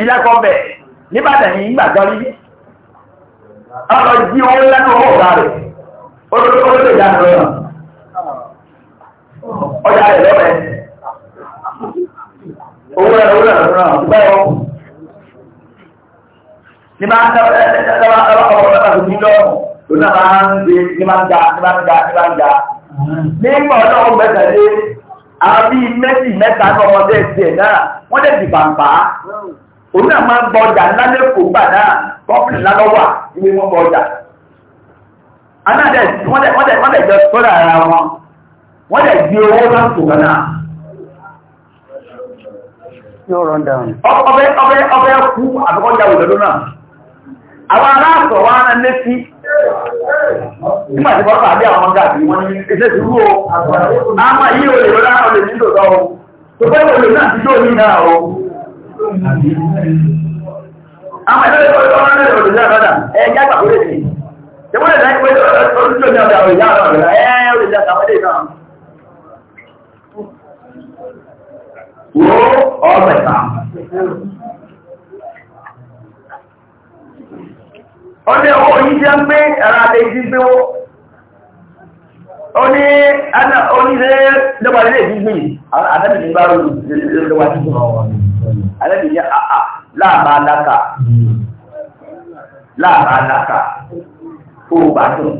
ẹ̀dá wọ́n nígbàdàn yìí ń gbàgbọ́ a lọ jí owó lẹ́nu owó ọ̀gá rẹ̀ olóòtú ìjà rẹ̀ lọ́nà ọjà rẹ̀ lọ́wẹ́ owó rẹ̀ owó rẹ̀ lọ́nà ọ̀gbẹ́ ọ ní máa ń dábàá dábàá ọmọ náà tó ní lọ́rùn lónà máa ń gbé ní máa ń ga ní máa ń ga ní máa ń ga nígbà ọlọ́run mẹ́tàlé àbí méjì mẹ́ta ní ọmọdé tiẹ̀ òun náà máa ń bọ ọjà ńlá lẹ́kọ̀ọ́ gbà náà bọ́ọ̀kì ńlá lọ́wọ́ ìwé wọn bọ ọjà. anáàdẹ wọ́n dẹ̀ wọ́n dẹ̀ wọ́n dẹ̀ jọ sọ́dọ̀ ara wọn wọ́n dẹ̀ gbé owó náà tó gan náà. ọbẹ̀ ọbẹ̀ ọbẹ̀ kú àbíkọ́jà òdòdó náà. àwọn aláàtọ̀ wa ń létí nígbà tí wọ́n pàdé àwọn ọmọdé àti wọ́n ní ẹsẹ̀ tí wúwo àmọ́ yìí ò lè lọ́lá ọ̀lẹ̀ nílò lọ́wọ́ tó fẹ́ Àwọn ẹgbẹ́ ìgbẹ́ ọ̀rọ̀ ọ̀rọ̀ ọ̀rọ̀ ìjọba ọ̀dà ẹ̀yà àgbàkúrẹ́ sí. Ṣé wọ́n lè láì pé orúkọ ní ọ̀dà ọ̀rọ̀ ìyá ọ̀rọ̀ ọ̀rọ̀ ẹ̀ ọ̀rọ̀ ìjọba ọ̀dà náà. Wo ọ̀gbẹ̀ ta. Ó ní owó yìí jẹ́ ń pé ara àti ìdí ń pé wó. Ó ní oníṣẹ́ lọ́wọ́ ilé ìdí gbìn, àtẹ́bìnrin bá rú lọ́wọ́ alẹ́bí ní àà láàbá aláka láàbá aláka ó bá dùn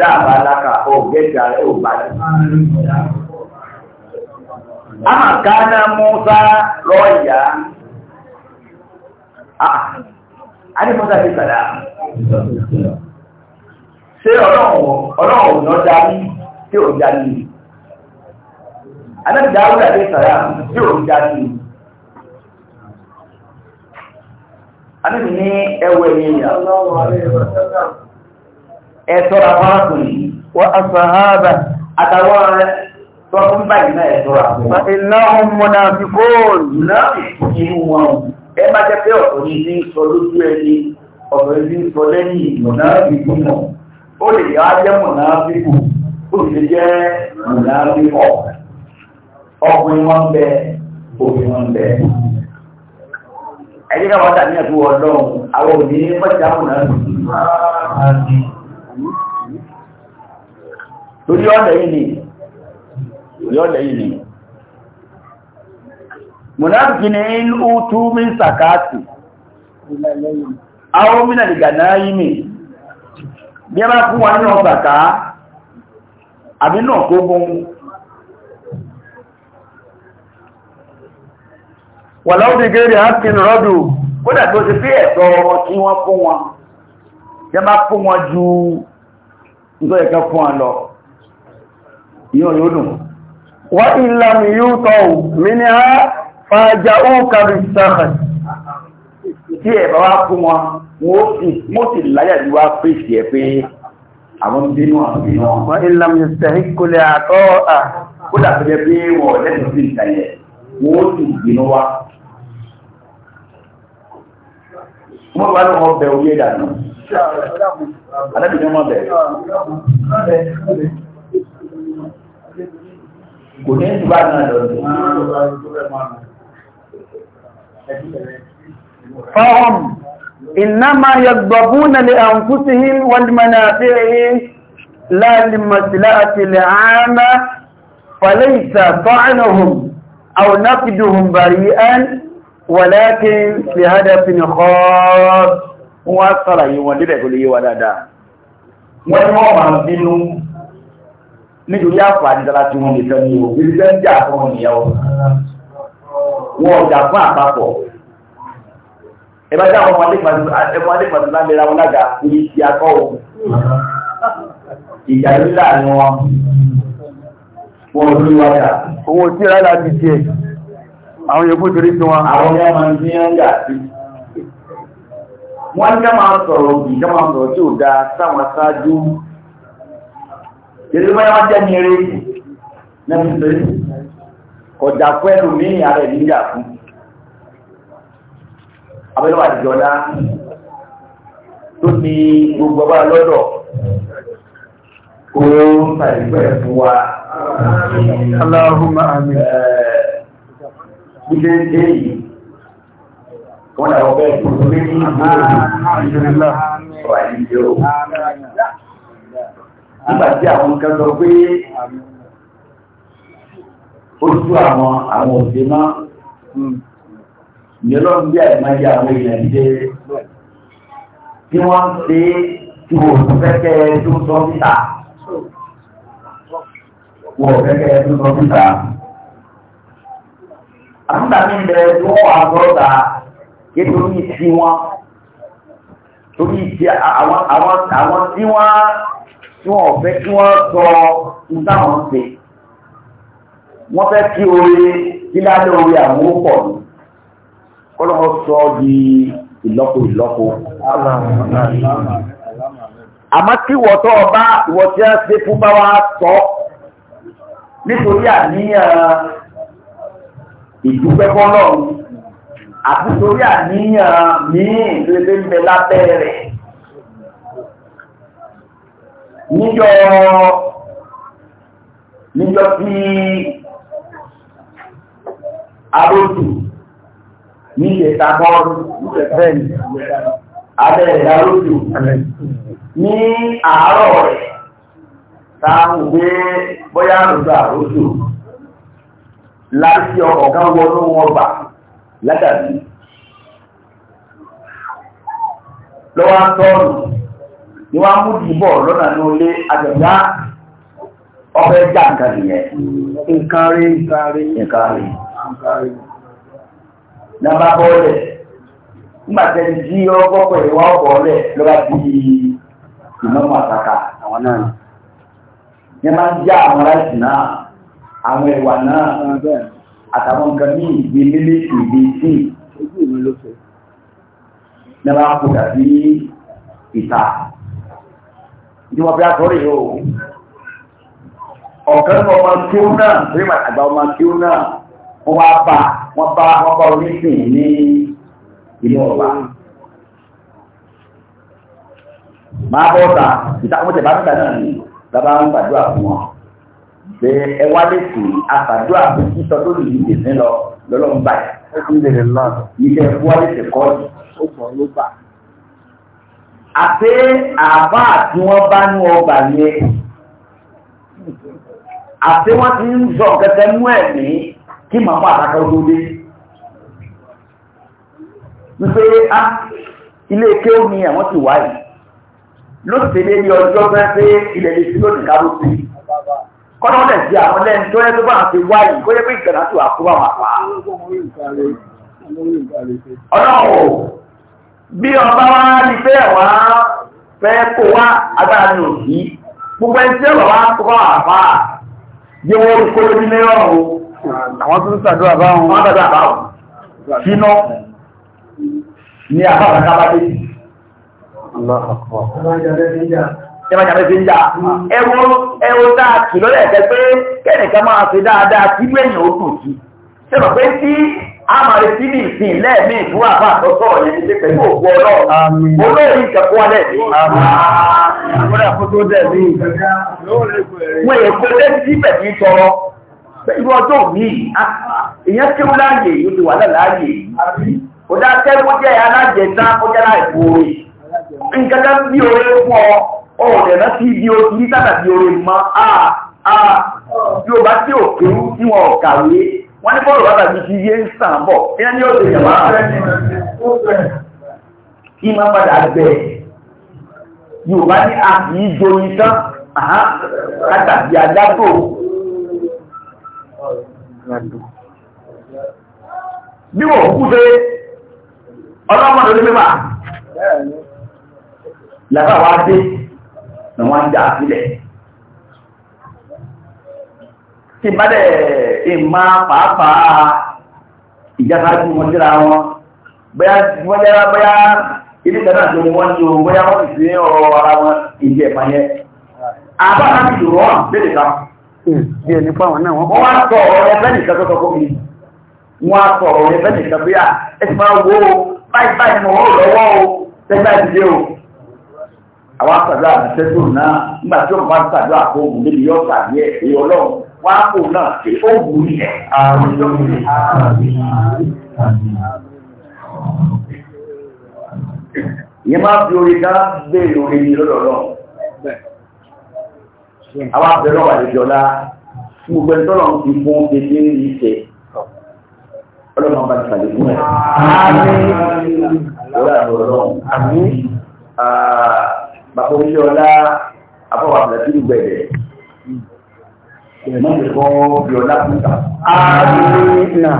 láàbá aláka ó gẹ́gẹ́ ààrẹ ó bá dùn. Àmà kánà Mùsá lọ́ọ̀yà. Adé Mùsá ti sàdá. Ṣé ọlọ́run ọlọ́run ọ̀nà dání tí anábì dáwúdà dé ahụ tí ò ń ndị sí i ní ìyá ẹ tọ́ra fárakùnrin wọ́n asàhábà àtàwọn tọ́kún báyìí náà ẹ tọ́ra fún wọn. mọ̀nà náà wọn ẹ jẹ́ pé ní sọ lójú ẹni ní sọ lẹ́yìn mọ̀nà ó lè yá jẹ́ mọ̀nà ó jẹ́ mọ̀nà ọkùnrin wọn bẹ obìnrin wọn bẹ ẹjẹ káwọn tàbí ẹkú ọlọ́run àwọn òní mọjà ọ̀nà lórí ọ̀lẹ̀ yìí ni lórí ọ̀lẹ̀ yìí ni mùnàfíkì ní inú tú mí sàkáàtì àwọn mínà lè gànà yìí ni bí ẹ bá fún wa nínú ọ̀sàká àbínú ọ̀kógún wọ̀láwọ́ bí gẹ́rẹ́ ápín rọ́dù kódà tó ti fí ẹ̀tọ́ ọmọ tí wọ́n fún wọn jẹ́ bá fún wọn ju nítorí ẹ̀kẹ́ fún wọn lọ yíò yóò dùn wọ́n ìlànà yóò tọ́ mi ní á fàájà ó kàrí sáà tí ẹ̀ mo sì láyà ju wá fèsì ẹ̀ pé àwọn bínú àwọn bínú wọn. wọ́n ìlànà yóò tẹ̀rí kólé àtọ́ à kódà tó jẹ́ pé wọ́n lẹ́sìn sí ìtàyẹ̀ wọ́n sì gbìnú wa wọ́n bá lọ́wọ́ bẹ̀ orí ẹ̀dà náà alábìnrin ọmọ bẹ̀rẹ̀ kò ní ìtura náà lọ sí fọ́ọ̀m ìnáma yẹgbọ̀bú na lè àǹkúsíhìn wàlìmọ̀nà àfihìn láàrínmọ̀sílá àti lè àárá fàlẹ́ ìtàfọ́ àìnàhùn àwọn náà fi dùn bàrí walakin li hadafin khaas wọ́n sára yìí wọ́n débẹ̀ tó lè yé wa dáadáa wọ́n ni wọ́n máa bínú nítorí àǹfààní dára tí wọ́n lè fẹ́ ní òbí fẹ́ ń jà fún ènìyàn o wọ́n ọjà fún àpapọ̀ àwọn yòókù torí tí wọ́n. àwọn yẹn máa ń bí yẹn gà sí. wọ́n ká máa sọ̀rọ̀ òbí ká máa sọ̀rọ̀ tí ò dáa sáwọn aṣáájú. yẹ́sẹ̀ báyọ̀ wọ́n jẹ́ ní eré nẹ́fẹ̀ẹ́ kọjá pẹ́lú mí ara níjà fún. abẹ́lẹ́wà jọ̀dá tó ní gbogbo ọba lọ́dọ̀ kó ń ta ìgbẹ́ fún wa. Allahumma amin gbígbé dé yìí wọ́n dà wọ́n bẹ́ẹ̀ tó lé ní ìgbòrò wà ní ìjọ nígbà tí àwọn kan sọ pé ó tú àwọn àwọn òṣèré máa ní ọlọ́run bí àìmáyé àwọn èèyàn ṣe tí wọ́n ń tí wọ́n tó fẹ́kẹ́ tó sọ níta wọ́n fẹ́kẹ́ tó sọ níta àbúgbà mi ń bẹ̀rẹ̀ tí wọ́n wà gbọ́dà ké torí ti wọn torí ti àwọn àwọn tí wọ́n tí wọ́n fẹ́ kí wọ́n sọ nígbà wọn ṣe wọ́n fẹ́ kí oore kí lálẹ́ oore àwọn ó pọ̀ ní kọ́lọ́mọ sọ di ìlọ́po ìlọ́po. àmọ́ kí wọ́tọ́ ọba ìwọ̀tí á ṣe fún bá sọ nítorí àníyàn ìdúpẹ́ kọ́lọ̀ àbútorí àníyàn míì lébé ń bẹ lábẹ́ rẹ̀ níjọ́ níjọ́ tí arójú ní ìyẹ̀ta bọ́ọ̀lù abẹ́rẹ̀ arójú ní àárọ̀ rẹ̀ táwọn gbé bóyá àrùn àrójú láti ọ̀gá wọnú wọn bà ládàbí lọ́wọ́ tọ́ọ̀nù ni wọ́n mú dìbọ̀ lọ́nà ní olé àjọ̀dá ọbẹ̀ já nǹkan nìyẹn nǹkan nàbà bọ́ọ̀lẹ̀ nígbàtẹ́ jí lọ́wọ́ bí àtàkà àwọn náà àwọn ẹ̀wà náà àtàwọn nǹkan ní ìgbé lélé ìgbé tí ojú ìlú ló fẹ́ lẹ́wà kò dàbí ìta tí wọ́n fi àtọ́rì yóò ọ̀kan ní ọmọ kíú náà rí àgbà ọmọ kíú náà wọ́n wá bá wọ́n bá wọ́n bá onísìn ní ìlú ọba máa bọ́ ìta pé ẹ wá lè pè àfàdó àbúkí sọ tó lè yí tèmi lọ lọ́lọ́run báyìí. ìṣe ẹ̀kú wá lè tẹ̀ kọ́ọ̀tù ó sọ ló bà. àti àbá tí wọ́n bá ní ọgbà yẹn àti wọ́n ti ń sọ kẹ̀kẹ́ mú ẹ̀mí kí màmú àtàkọ́ tó dé. wípé a ah, ilé ike omi àwọn ti wáyé ló ti dé ní ọjọ́ pẹ́ pé ilẹ̀ lè sí lónìí ká ló ti kọ́nà wọn lẹ̀ di àwọn lẹ́nu tó yẹ kó bá wọn ti wá yìí kó yẹ kó ìgbàlá tó wà kó bá wọn pa. ọlọ́wọ́ bí ọba wa ní pé ẹ̀wà fẹ́ kó wá agbára ní òbí gbogbo ẹni tí ọba wa kó bá wà pa yẹ wọ́n kó lórí náírà o. àwọn tó ń ṣàdúrà báwọn. wọ́n ṣàdúrà báwọn. sínú ni àbábàtà bá dé. Allah akbar jẹ́mọ̀jàmẹ́ fi ń dà ẹwọ ẹwọ dáa kì lọ́lẹ̀ ẹ̀kẹ́ pé kẹ́nìkan máa fi dáadáa kí ló èèyàn ó dùn sí sẹ́mọ̀ pé tí a máa lè sí ní ìsìn lẹ́ẹ̀mìí fún àbá àtọ́sọ̀ yẹn ní pípẹ́ yóò wọ ọlọ́run olóòrùn ìjẹ̀kú alẹ́ mi. àwọn àkótó dẹ̀ mí. wọ́n yẹ kó lé sí bẹ̀bí tọrọ ìwọ ọjọ́ mi ìyẹn kéwú láàyè yóò ti wà láàyè kò dá kẹ́kọ̀ọ́ jẹ́ alájẹta kó jẹ́ láì fòrè nǹkan kan bí oore fún ọ ọ̀rẹ̀ náà ti di oṣù ní tàbí orí mọ́ àà bí o bá tí ò kéwú tí wọn ò kàwé wọ́n ní bọ́ọ̀lù bàtà ti yé ń sàn bọ̀ iná ní òṣèlú yàrá kí máa padà bẹ̀ yorùbá ní àmì ìjòyìn tán àtàbí àdágbò bí wọ́n kú pé ọlọ́mọdé ló lé wà lábàá wá dé ni wọ́n ń dà sílẹ̀. tí bá dẹ̀ ìmá pàápàá ìjásájú wọn síra wọn bóyá wọ́n yára bóyá ilé kan náà tó ni wọ́n ní o bóyá wọ́n sì sí ọ̀rọ̀ ara wọn ìjẹ́ ìpànyẹ́. àbára ti dùn wọ́n lédè kan. Hmm, bí ẹni fún àwọn náà wọ́n. wọ́n wá sọ ọ̀rọ̀ ẹgbẹ́ nìkan tó sọ fún mi wọ́n á sọ ọ̀rọ̀ ẹgbẹ́ nìkan bí ẹ àwọn àtàdó àtẹ̀tẹ̀ tó náà nígbà tí wọ́n bá ń tàdó àkóhùn níbi yóò tàbí ẹ̀ èyí ọlọ́run wọ́n á kó náà ṣe ó wù ú yẹ. ìyẹn máa fi orin ká béèrè orin ní lọ́dọ̀ náà. àwọn àbẹ̀rẹ̀ wà lójọ́ la fún gbogbo ẹni tọ́lọ̀ ń fi fún ebi ń rí ọlọ́run bá ti sàlẹ̀ fún ẹ̀. Àmín. Ọlọ́run. Àmín bàbá onílé ọlá afọwọ́ àbùdàtì ìlú gbẹ̀dẹ̀ ìrìnàmọ̀ ìfọ́ bí ọlá púpà ààrínà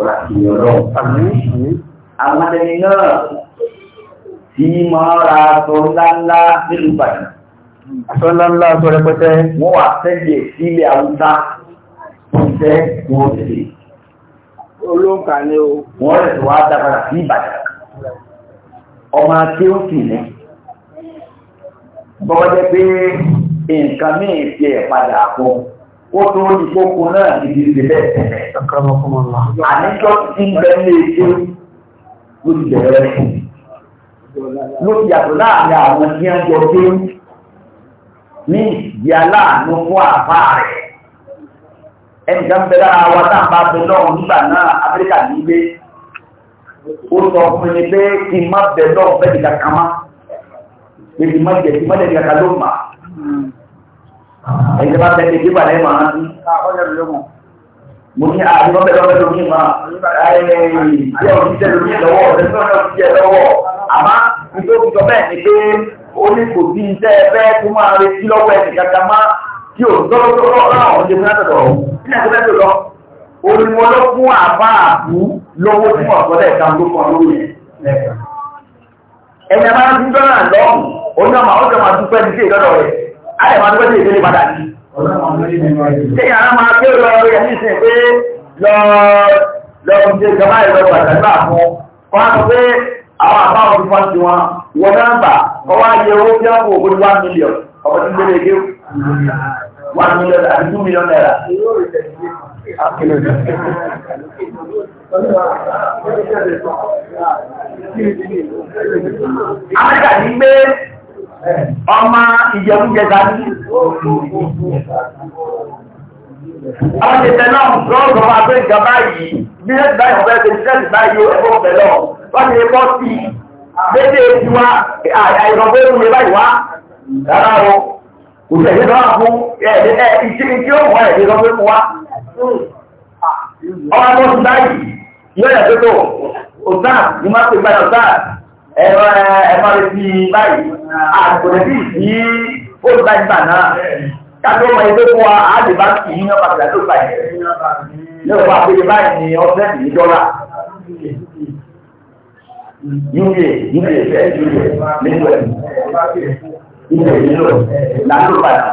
ọ̀là ìyẹn ọlọ́ àwọn adẹni náà tí máa ra aṣọ ńláńlá nílùú Ìbàdàn aṣọ ńláńlá aṣọ rẹpẹtẹ wọ́n wà sẹ́jẹ̀ sílẹ̀ Haúsá ṣẹ́ wọ́n tẹ̀lé olóǹkà ni o wọ́n rẹ̀ tó wá dábàrà sí Ìbàdàn ọmọ akéwòsì náà bọ́wọ́ jẹ́ pé nǹkan míì fi ẹ̀ padà fún ó tó ní kókó náà ní ti ṣe bẹ́ẹ̀ tẹ̀lẹ̀. àníjọ́ ti ń bẹ ní ètò ló ti bẹ̀rẹ̀ rẹ̀ ló ti yàtọ̀ láàrin àwọn tí wọ́n jọ dé ní ìdí nígbà náà Amẹ́ríkà nílé ó sọ fún mi pé kí n má bẹ lọ́rùn bẹ́ẹ̀ bébí má jẹ sí má jẹ kàkà ló mà ẹ̀jẹ̀ bá bẹ̀rẹ̀ ìdí wà lẹ́mọ̀ á ní. mo ní àdúgbò bẹ̀rẹ̀ ọ̀bẹ lómi mà ẹ̀ ẹ̀ òṣìṣẹ́ lómi lọ́wọ́ ọ̀sẹ̀ tó náà ti jẹ lọ́wọ́ àmọ́ nítorí òkùnkọ bẹ́ẹ̀ ni pé ó ní kò sí iṣẹ́ ẹgbẹ́ tó máa retí lọ́wọ́ ẹnì kankan má kí òun tọ́lọ́ tọ́lọ́ ọ̀rọ̀ ọ̀hún ṣe fún látọ̀dọ̀ ọ̀hún ní ẹ̀kọ́ mẹ́tò lọ olùwọ́lọ́ fún àbá àbú ẹni a máa ń dúdọ́ náà lọ́wọ́ oní ọmọ àwọn ọmọ àdúgbò ẹni sí ìdọ́dọ̀ rẹ̀ á lè máa dúpẹ́ sí ìdílé padà ní. ṣé yàrá máa gbé lọ ẹni sìn pé lọ lọ ṣe ìjọba ìlọ àtàgbà fún wọn sọ pé àwọn àbá òfin fún ti wọn wọ nọ́mbà ọwọ́ ayé owó bí wọn kò gbóni one million ọmọ tí ń gbélé gé one million àti two million naira. Amẹ́ríkà ní gbé ọmọ ìjẹkújẹ dání. Àwọn ìṣẹ̀lẹ̀ náà lọ́rọ̀ máa pé ìjọba yìí, bí ẹ̀sì báyìí ọ̀fẹ́ ṣe ṣẹ́lì báyìí ẹgbẹ́ ọ̀fẹ́ lọ, wọ́n ti lè bọ́ sí dédé ti wá àìrọ̀gbé ìwé báyìí wá. Rárá o, òṣèlú náà fún ẹ̀ẹ́dẹ́ ọmọ tó ti báyìí yóò yẹ pé tó ọ̀sán ni máa pè gbàdọ̀ sáà ẹ̀rọ ẹ̀fọ́ rẹ̀ ti báyìí àgbọ̀dẹ̀ sí ìdí fóònù báyìí gbà náà káàkiri ọmọ ẹgbẹ́ fún wa á lè bá kì í náà pàtàkì àti òkà yẹn lẹ́wọ̀n bá pèlè báyìí ní ọ̀sẹ̀ ní dọ́là yúnyẹ yúnyẹ fẹ́ yúnyẹ nínú ẹ̀ yúnyẹ nínú ẹ̀ làlùbàdàn.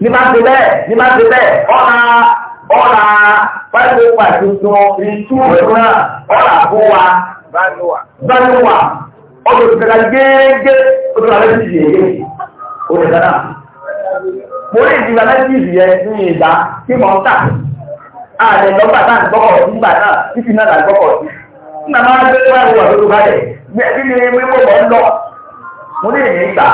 ní bá ti bẹ́ẹ̀ ní bá ti bẹ́ẹ̀ ọ̀la ọ̀la pẹ́lú pàtúntún ìtú ìrúnà ọ̀la fún wa báyìí wà ọdún ìgbàlá gẹ́gẹ́ ọdún àlẹ́ ti yẹ yẹ ọdún ìgbàlá mo ní ìdílé aláìsí yẹ ní ìgbà tí mo ń tà lọ́gbà náà gbọ́kọ̀ nígbà náà títí náà là gbọ́kọ̀ sí nígbà máa ń gbé wáyé wà lórí bí ẹbí mo ní ìgbà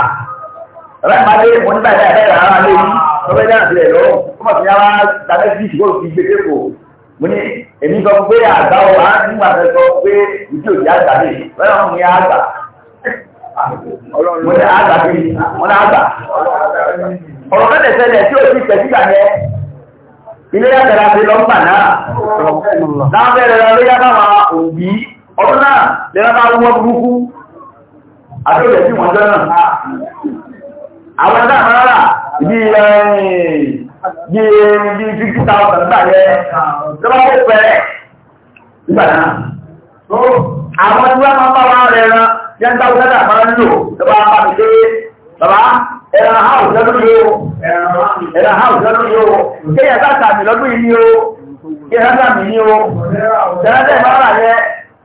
ọlọ́pàá dé mo nígbà tí a bẹ̀rẹ̀ ara lé yìí wọ́n fẹ́ dáhùn sílẹ̀ lọ́wọ́ wọ́n mọ̀ sí yàrá dábẹ́ sí ìṣòro fi gbé kéko mo ní èmi sọ pé àgbà ọ̀ wá nígbà tó sọ pé ìdí òjì àgbà lè lọ́wọ́ mo ní àgbà mo ní àgbà bí mo ní àgbà ọ̀rọ̀ kẹ́tẹ̀ ṣẹlẹ̀ tí o ti tẹ̀ sígbà yẹn ilé yàtọ̀ra fi lọ gbà náà náà bẹ̀rẹ̀ lọ lé yàtọ̀ àwọn òbí ọdún náà lè rán bá wọ́n burúkú àti òjò tí wọ́n jọ náà àwọn ẹ̀dá àmàrà bí eh, bí bí fifty thousand gbà yẹ lọ́wọ́ kó pẹ̀lẹ́ nígbà náà. àwọn tí wọ́n máa bá wa rẹ̀ ẹran yẹn ń dáwọ́ sẹ́dá àmàrà nílò lọ́wọ́ bá mi dé bàbá ẹran house lọ́dún yìí o ẹran house lọ́dún yìí ni o kéèyàn bá sàmì ni o tẹ̀lé tẹ̀lé máa yẹ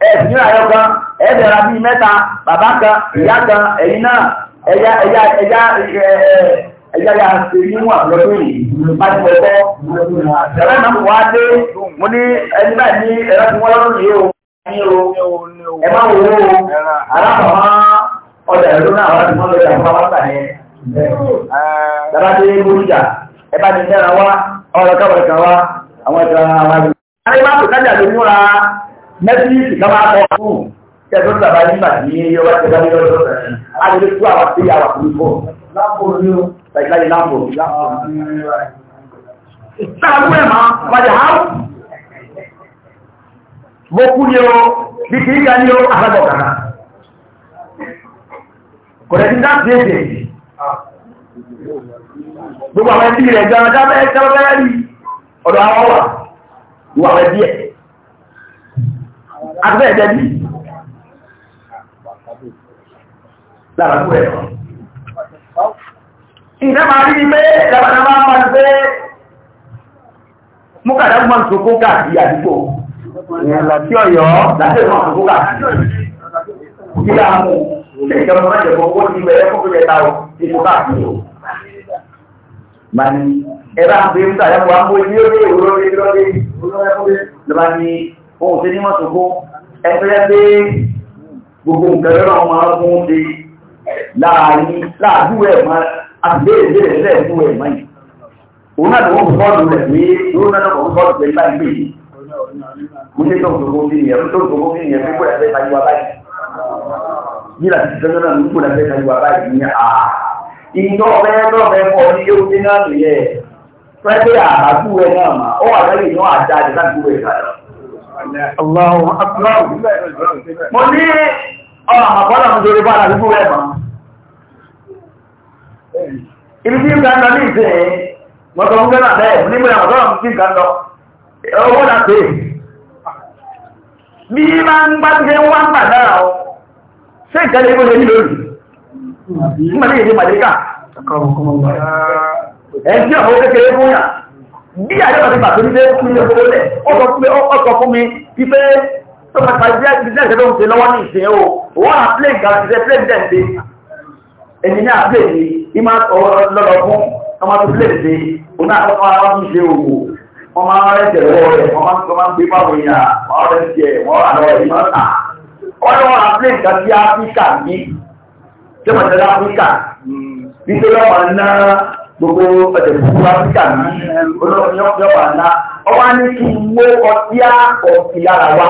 ẹ̀sìn ìràyọ̀ kan ẹ̀ẹ́dẹ̀ra bíi mẹ́ta bàbá kan ìyá kan ẹ̀yin náà ẹ̀yà ẹ̀yà ẹ̀yà ẹ̀yà ya ṣe níwọ̀n àlọ́dún yìí láti ọ̀gbọ́. Ẹ̀rọ náà mo wá dé mo ní ẹni náà ní ẹ̀rọ tí wọ́n lọ́dún yìí o. Ẹ máa wo alábàámá ọjà ìlú náà wá ti mọ́ lọ́jà fún wa bàtà yẹn. Bàbá dé Bóríjà ẹ bá ti dára wá ọ̀rọ̀ káwọn ìkà wá àwọn ìkà wá. Adé má tó kájà ló múra mẹ́tírísì ká máa kọ́ fún kẹtọ sábà nígbà tí yíyọ wá ti dábí lọ́dọ̀ sẹ́yìn a lè lè tú àwọn tí àwọn kò ní kọ́ láàpọ̀ ní o tàbí láyé láàpọ̀ sáàbù ẹ̀ máa wájà á mo o bí kì í ga ni o àbábọ̀ kàrà kò lè ti dáàbò èdè gbogbo àwọn ẹbí rẹ̀ gan dábẹ́ dábẹ́ rí ọ̀dọ̀ àwọn wà wà wẹ̀ díẹ̀ àbẹ́ ẹ̀dẹ́ bíi láàbù ẹ̀ ìdá máa rí pé lábàdá máa máa pé múkàdá máa sòkó káàkiri àdúgbò láti ọ̀yọ́ láti ọ̀yọ́ sòkó káàkiri kí á mú ṣe ìjọba máa jẹ̀ fún owó ti bẹ̀rẹ̀ fún ìjẹta o ti fún káàkiri o máa ní ẹ̀rọ àti ìrúta ẹ̀kọ́ àmú ilé orí ìrọ̀lẹ́ ìrọ̀lẹ́ ìrọ̀lẹ́ lọ́ba ní ohun tí ní mọ̀ sòkó ẹgbẹ́ gbé gbogbo nǹkan lọ́wọ́ máa ń fún un ṣe láàrin láàbú ẹ̀ máa àtìlẹ́yìn ìbéèrè lẹ́ẹ̀bú ẹ̀ máa yìí òun náà lọ́wọ́ bọ́ọ̀lù rẹ̀ pé òun náà lọ́wọ́ bọ́ọ̀lù pé báyìí àbájú ẹ̀ náà mà ó wà lẹ́yìn náà àjá àjẹ́ láti gbogbo ẹ̀ mo ọ̀rọ̀ àmàbọ́lọ̀ ń dorí bára dúdú rẹ̀ mọ́. ibi tí nǹkan lọ ní ìsìn mọ̀tọ̀ ń gbẹ́nà bẹ́ẹ̀ nígbà mọ̀tọ̀ ń tí nǹkan lọ owó náà pè bí máa ń bá jẹ́ wá ń bà náà ọ ṣé nǹkan lè gbọ́dọ̀ nílò rí nígbà tí èdè màdíkà ẹ̀ tí ọ̀pọ̀ kékeré fún yà bí àdébàtí bàtí ní ilé fún mi ó sọ fún mi pípẹ́ tó máa ka iṣẹ́ business tó ń ṣe lọ́wọ́ ní ìṣe o òun àá play nǹkan ti ṣe play nǹkan ṣe ẹni ní àgbè ní í máa lọ́lọ́ fún ọmọ tó play ṣe òun náà kọ́kọ́ ara wọn ṣe òwò wọ́n máa ń rẹ́jẹ̀ lọ́wọ́ rẹ̀ wọ́n máa ń gbé báwo yà wọ́n rẹ̀ jẹ̀ wọ́n rà lọ́wọ́ yìí máa ń tà wọ́n ní wọ́n àá play nǹkan sí áfíríkà ní ṣé mo ṣẹlẹ̀ áfíríkà nítorí ọmọ náà gbogbo ọ̀tẹ̀ fún áfíríkà ní olóòfin ọ̀pẹ̀ ọ̀pẹ̀ ọ̀nà ọwọ́ á ní kí n wó ọtí á ọ̀tí wa.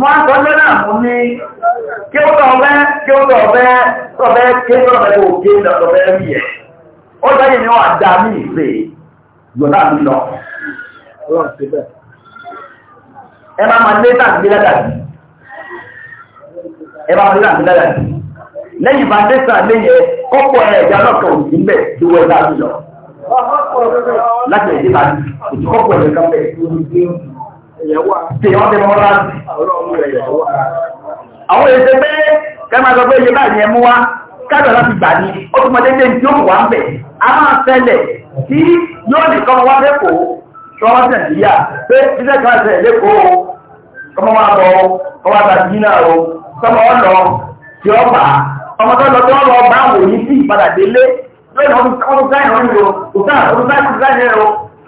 wọ́n sọ lọ́nà fún ní kí ó tọ̀ọ̀bẹ́ kí ó tọ̀ọ̀bẹ́ tọ̀ọ̀bẹ́ kí ó tọ̀ọ̀bẹ́ kò gé lọ́tọ̀ọ̀bẹ́ rí ẹ̀ ó dáyé ni wọ́n àdá mí ìpè gbọ́dá mi lọ. ẹ máa ma lé tàbí ládàbí ẹ máa lé tàbí ládàbí lẹ́yìn bá dé sàn léyẹ kọ́pọ̀ ẹ̀ ẹ̀dá lọ́kàn òsì mẹ́ tí wọ́n ti mọ́ láti. Àwọn èsè pé kẹ́mà sọ pé iye báyìí ẹmú wá kájọ láti gbà ní ó tún mọ́dé débi yóò wà ń bẹ̀. A máa ṣẹlẹ̀ tí yóò lè kọ́ wá lẹ́kọ̀ọ́ ṣọ́wọ́ Nàìjíríà pé iṣẹ́ kan ṣẹlẹ̀ lẹ́kọ̀ọ́ kọ́mọ́ máa bọ̀ ọwọ́ àtàkì náà o kọ́mọ́ ọ̀nà tí ó bà á. Ọmọ tó lọ tó lọ bá wò ní sí ìpadà délé lónìí o kò sáà ọdún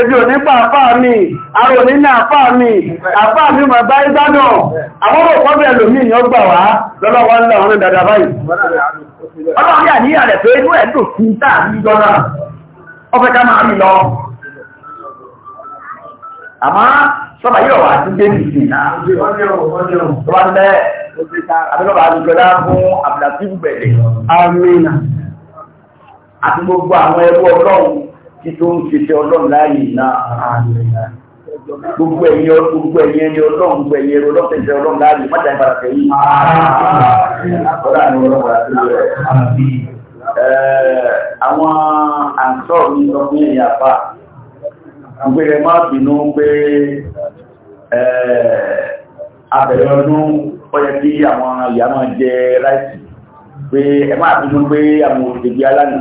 ebi òní pa àfáà mi àrò ní ní àfáà mi àfáà mi ma bá ìgbádọ̀ àwọn òpópẹ́ lòmí ìyàn gbà wá lọ́lọ́wọ́ ńlá ọ̀rìn dada báyìí ọlọ́rin àníyàn rẹ̀ pé inú ẹ̀dùn fún táà ní jọ́nà ọfẹ́ ká máa rí lọ àmá sọ́bà yíò wà tí gbé nìsì náà wọ́n lẹ́ àbílọ́bà àdúgbọ́lá fún títí ó ń ṣiṣẹ́ ọlọ́run láàyè náà gbogbo ẹ̀yin gbogbo ẹ̀yin ẹni ọlọ́run gbogbo ẹ̀yin ẹni ọlọ́run tẹ̀sẹ̀ ọlọ́run láàyè má jáde padà sẹ́yìn. ọ̀rọ̀ àni ọlọ́run àti rẹ̀. àwọn àǹtọ́ mi sọ fún ẹ̀yìn apá gbére má bínú pé abẹ̀rẹ̀ ọdún ọyẹ kí àwọn ìyá máa jẹ ráìsì pé ẹ má bínú pé àwọn òṣèlú alánà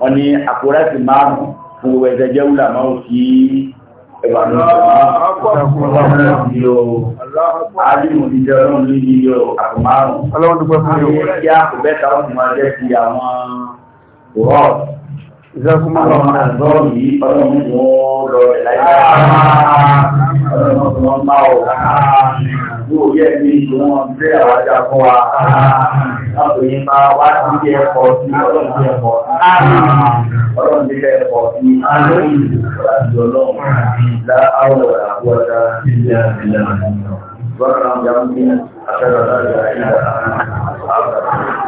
wọ́n ní àkórẹ́sì márùn fún gbogbo ẹ̀sẹ̀ jẹ́ wúlà máa ń fi ẹ̀bà ní àdínú ìjẹ́ ọlọ́run ní iye àpò márùn ọlọ́run dúpẹ́ fún yóò kí àpò bẹ́ta wọ́n ti máa jẹ́ ti àwọn rọ́ ìzẹ́kúnmọ́ ọlọ́run àzọ́rùn yìí ọlọ́run wọn lọ rẹ̀ láyé ọlọ́run wọn bá ọ̀ yóò yẹ́ mi ìṣòwò ọ̀n ọkùnrin bá wá sí ilé ẹ̀kọ́ sí ọlọ́run ilé ẹ̀kọ́ ọlọ́run ilé ẹ̀kọ́ sí ọlọ́run láàárọ̀ àwọ̀dá ilé ìlànà. Bọ́lá ń jẹun ní àṣẹ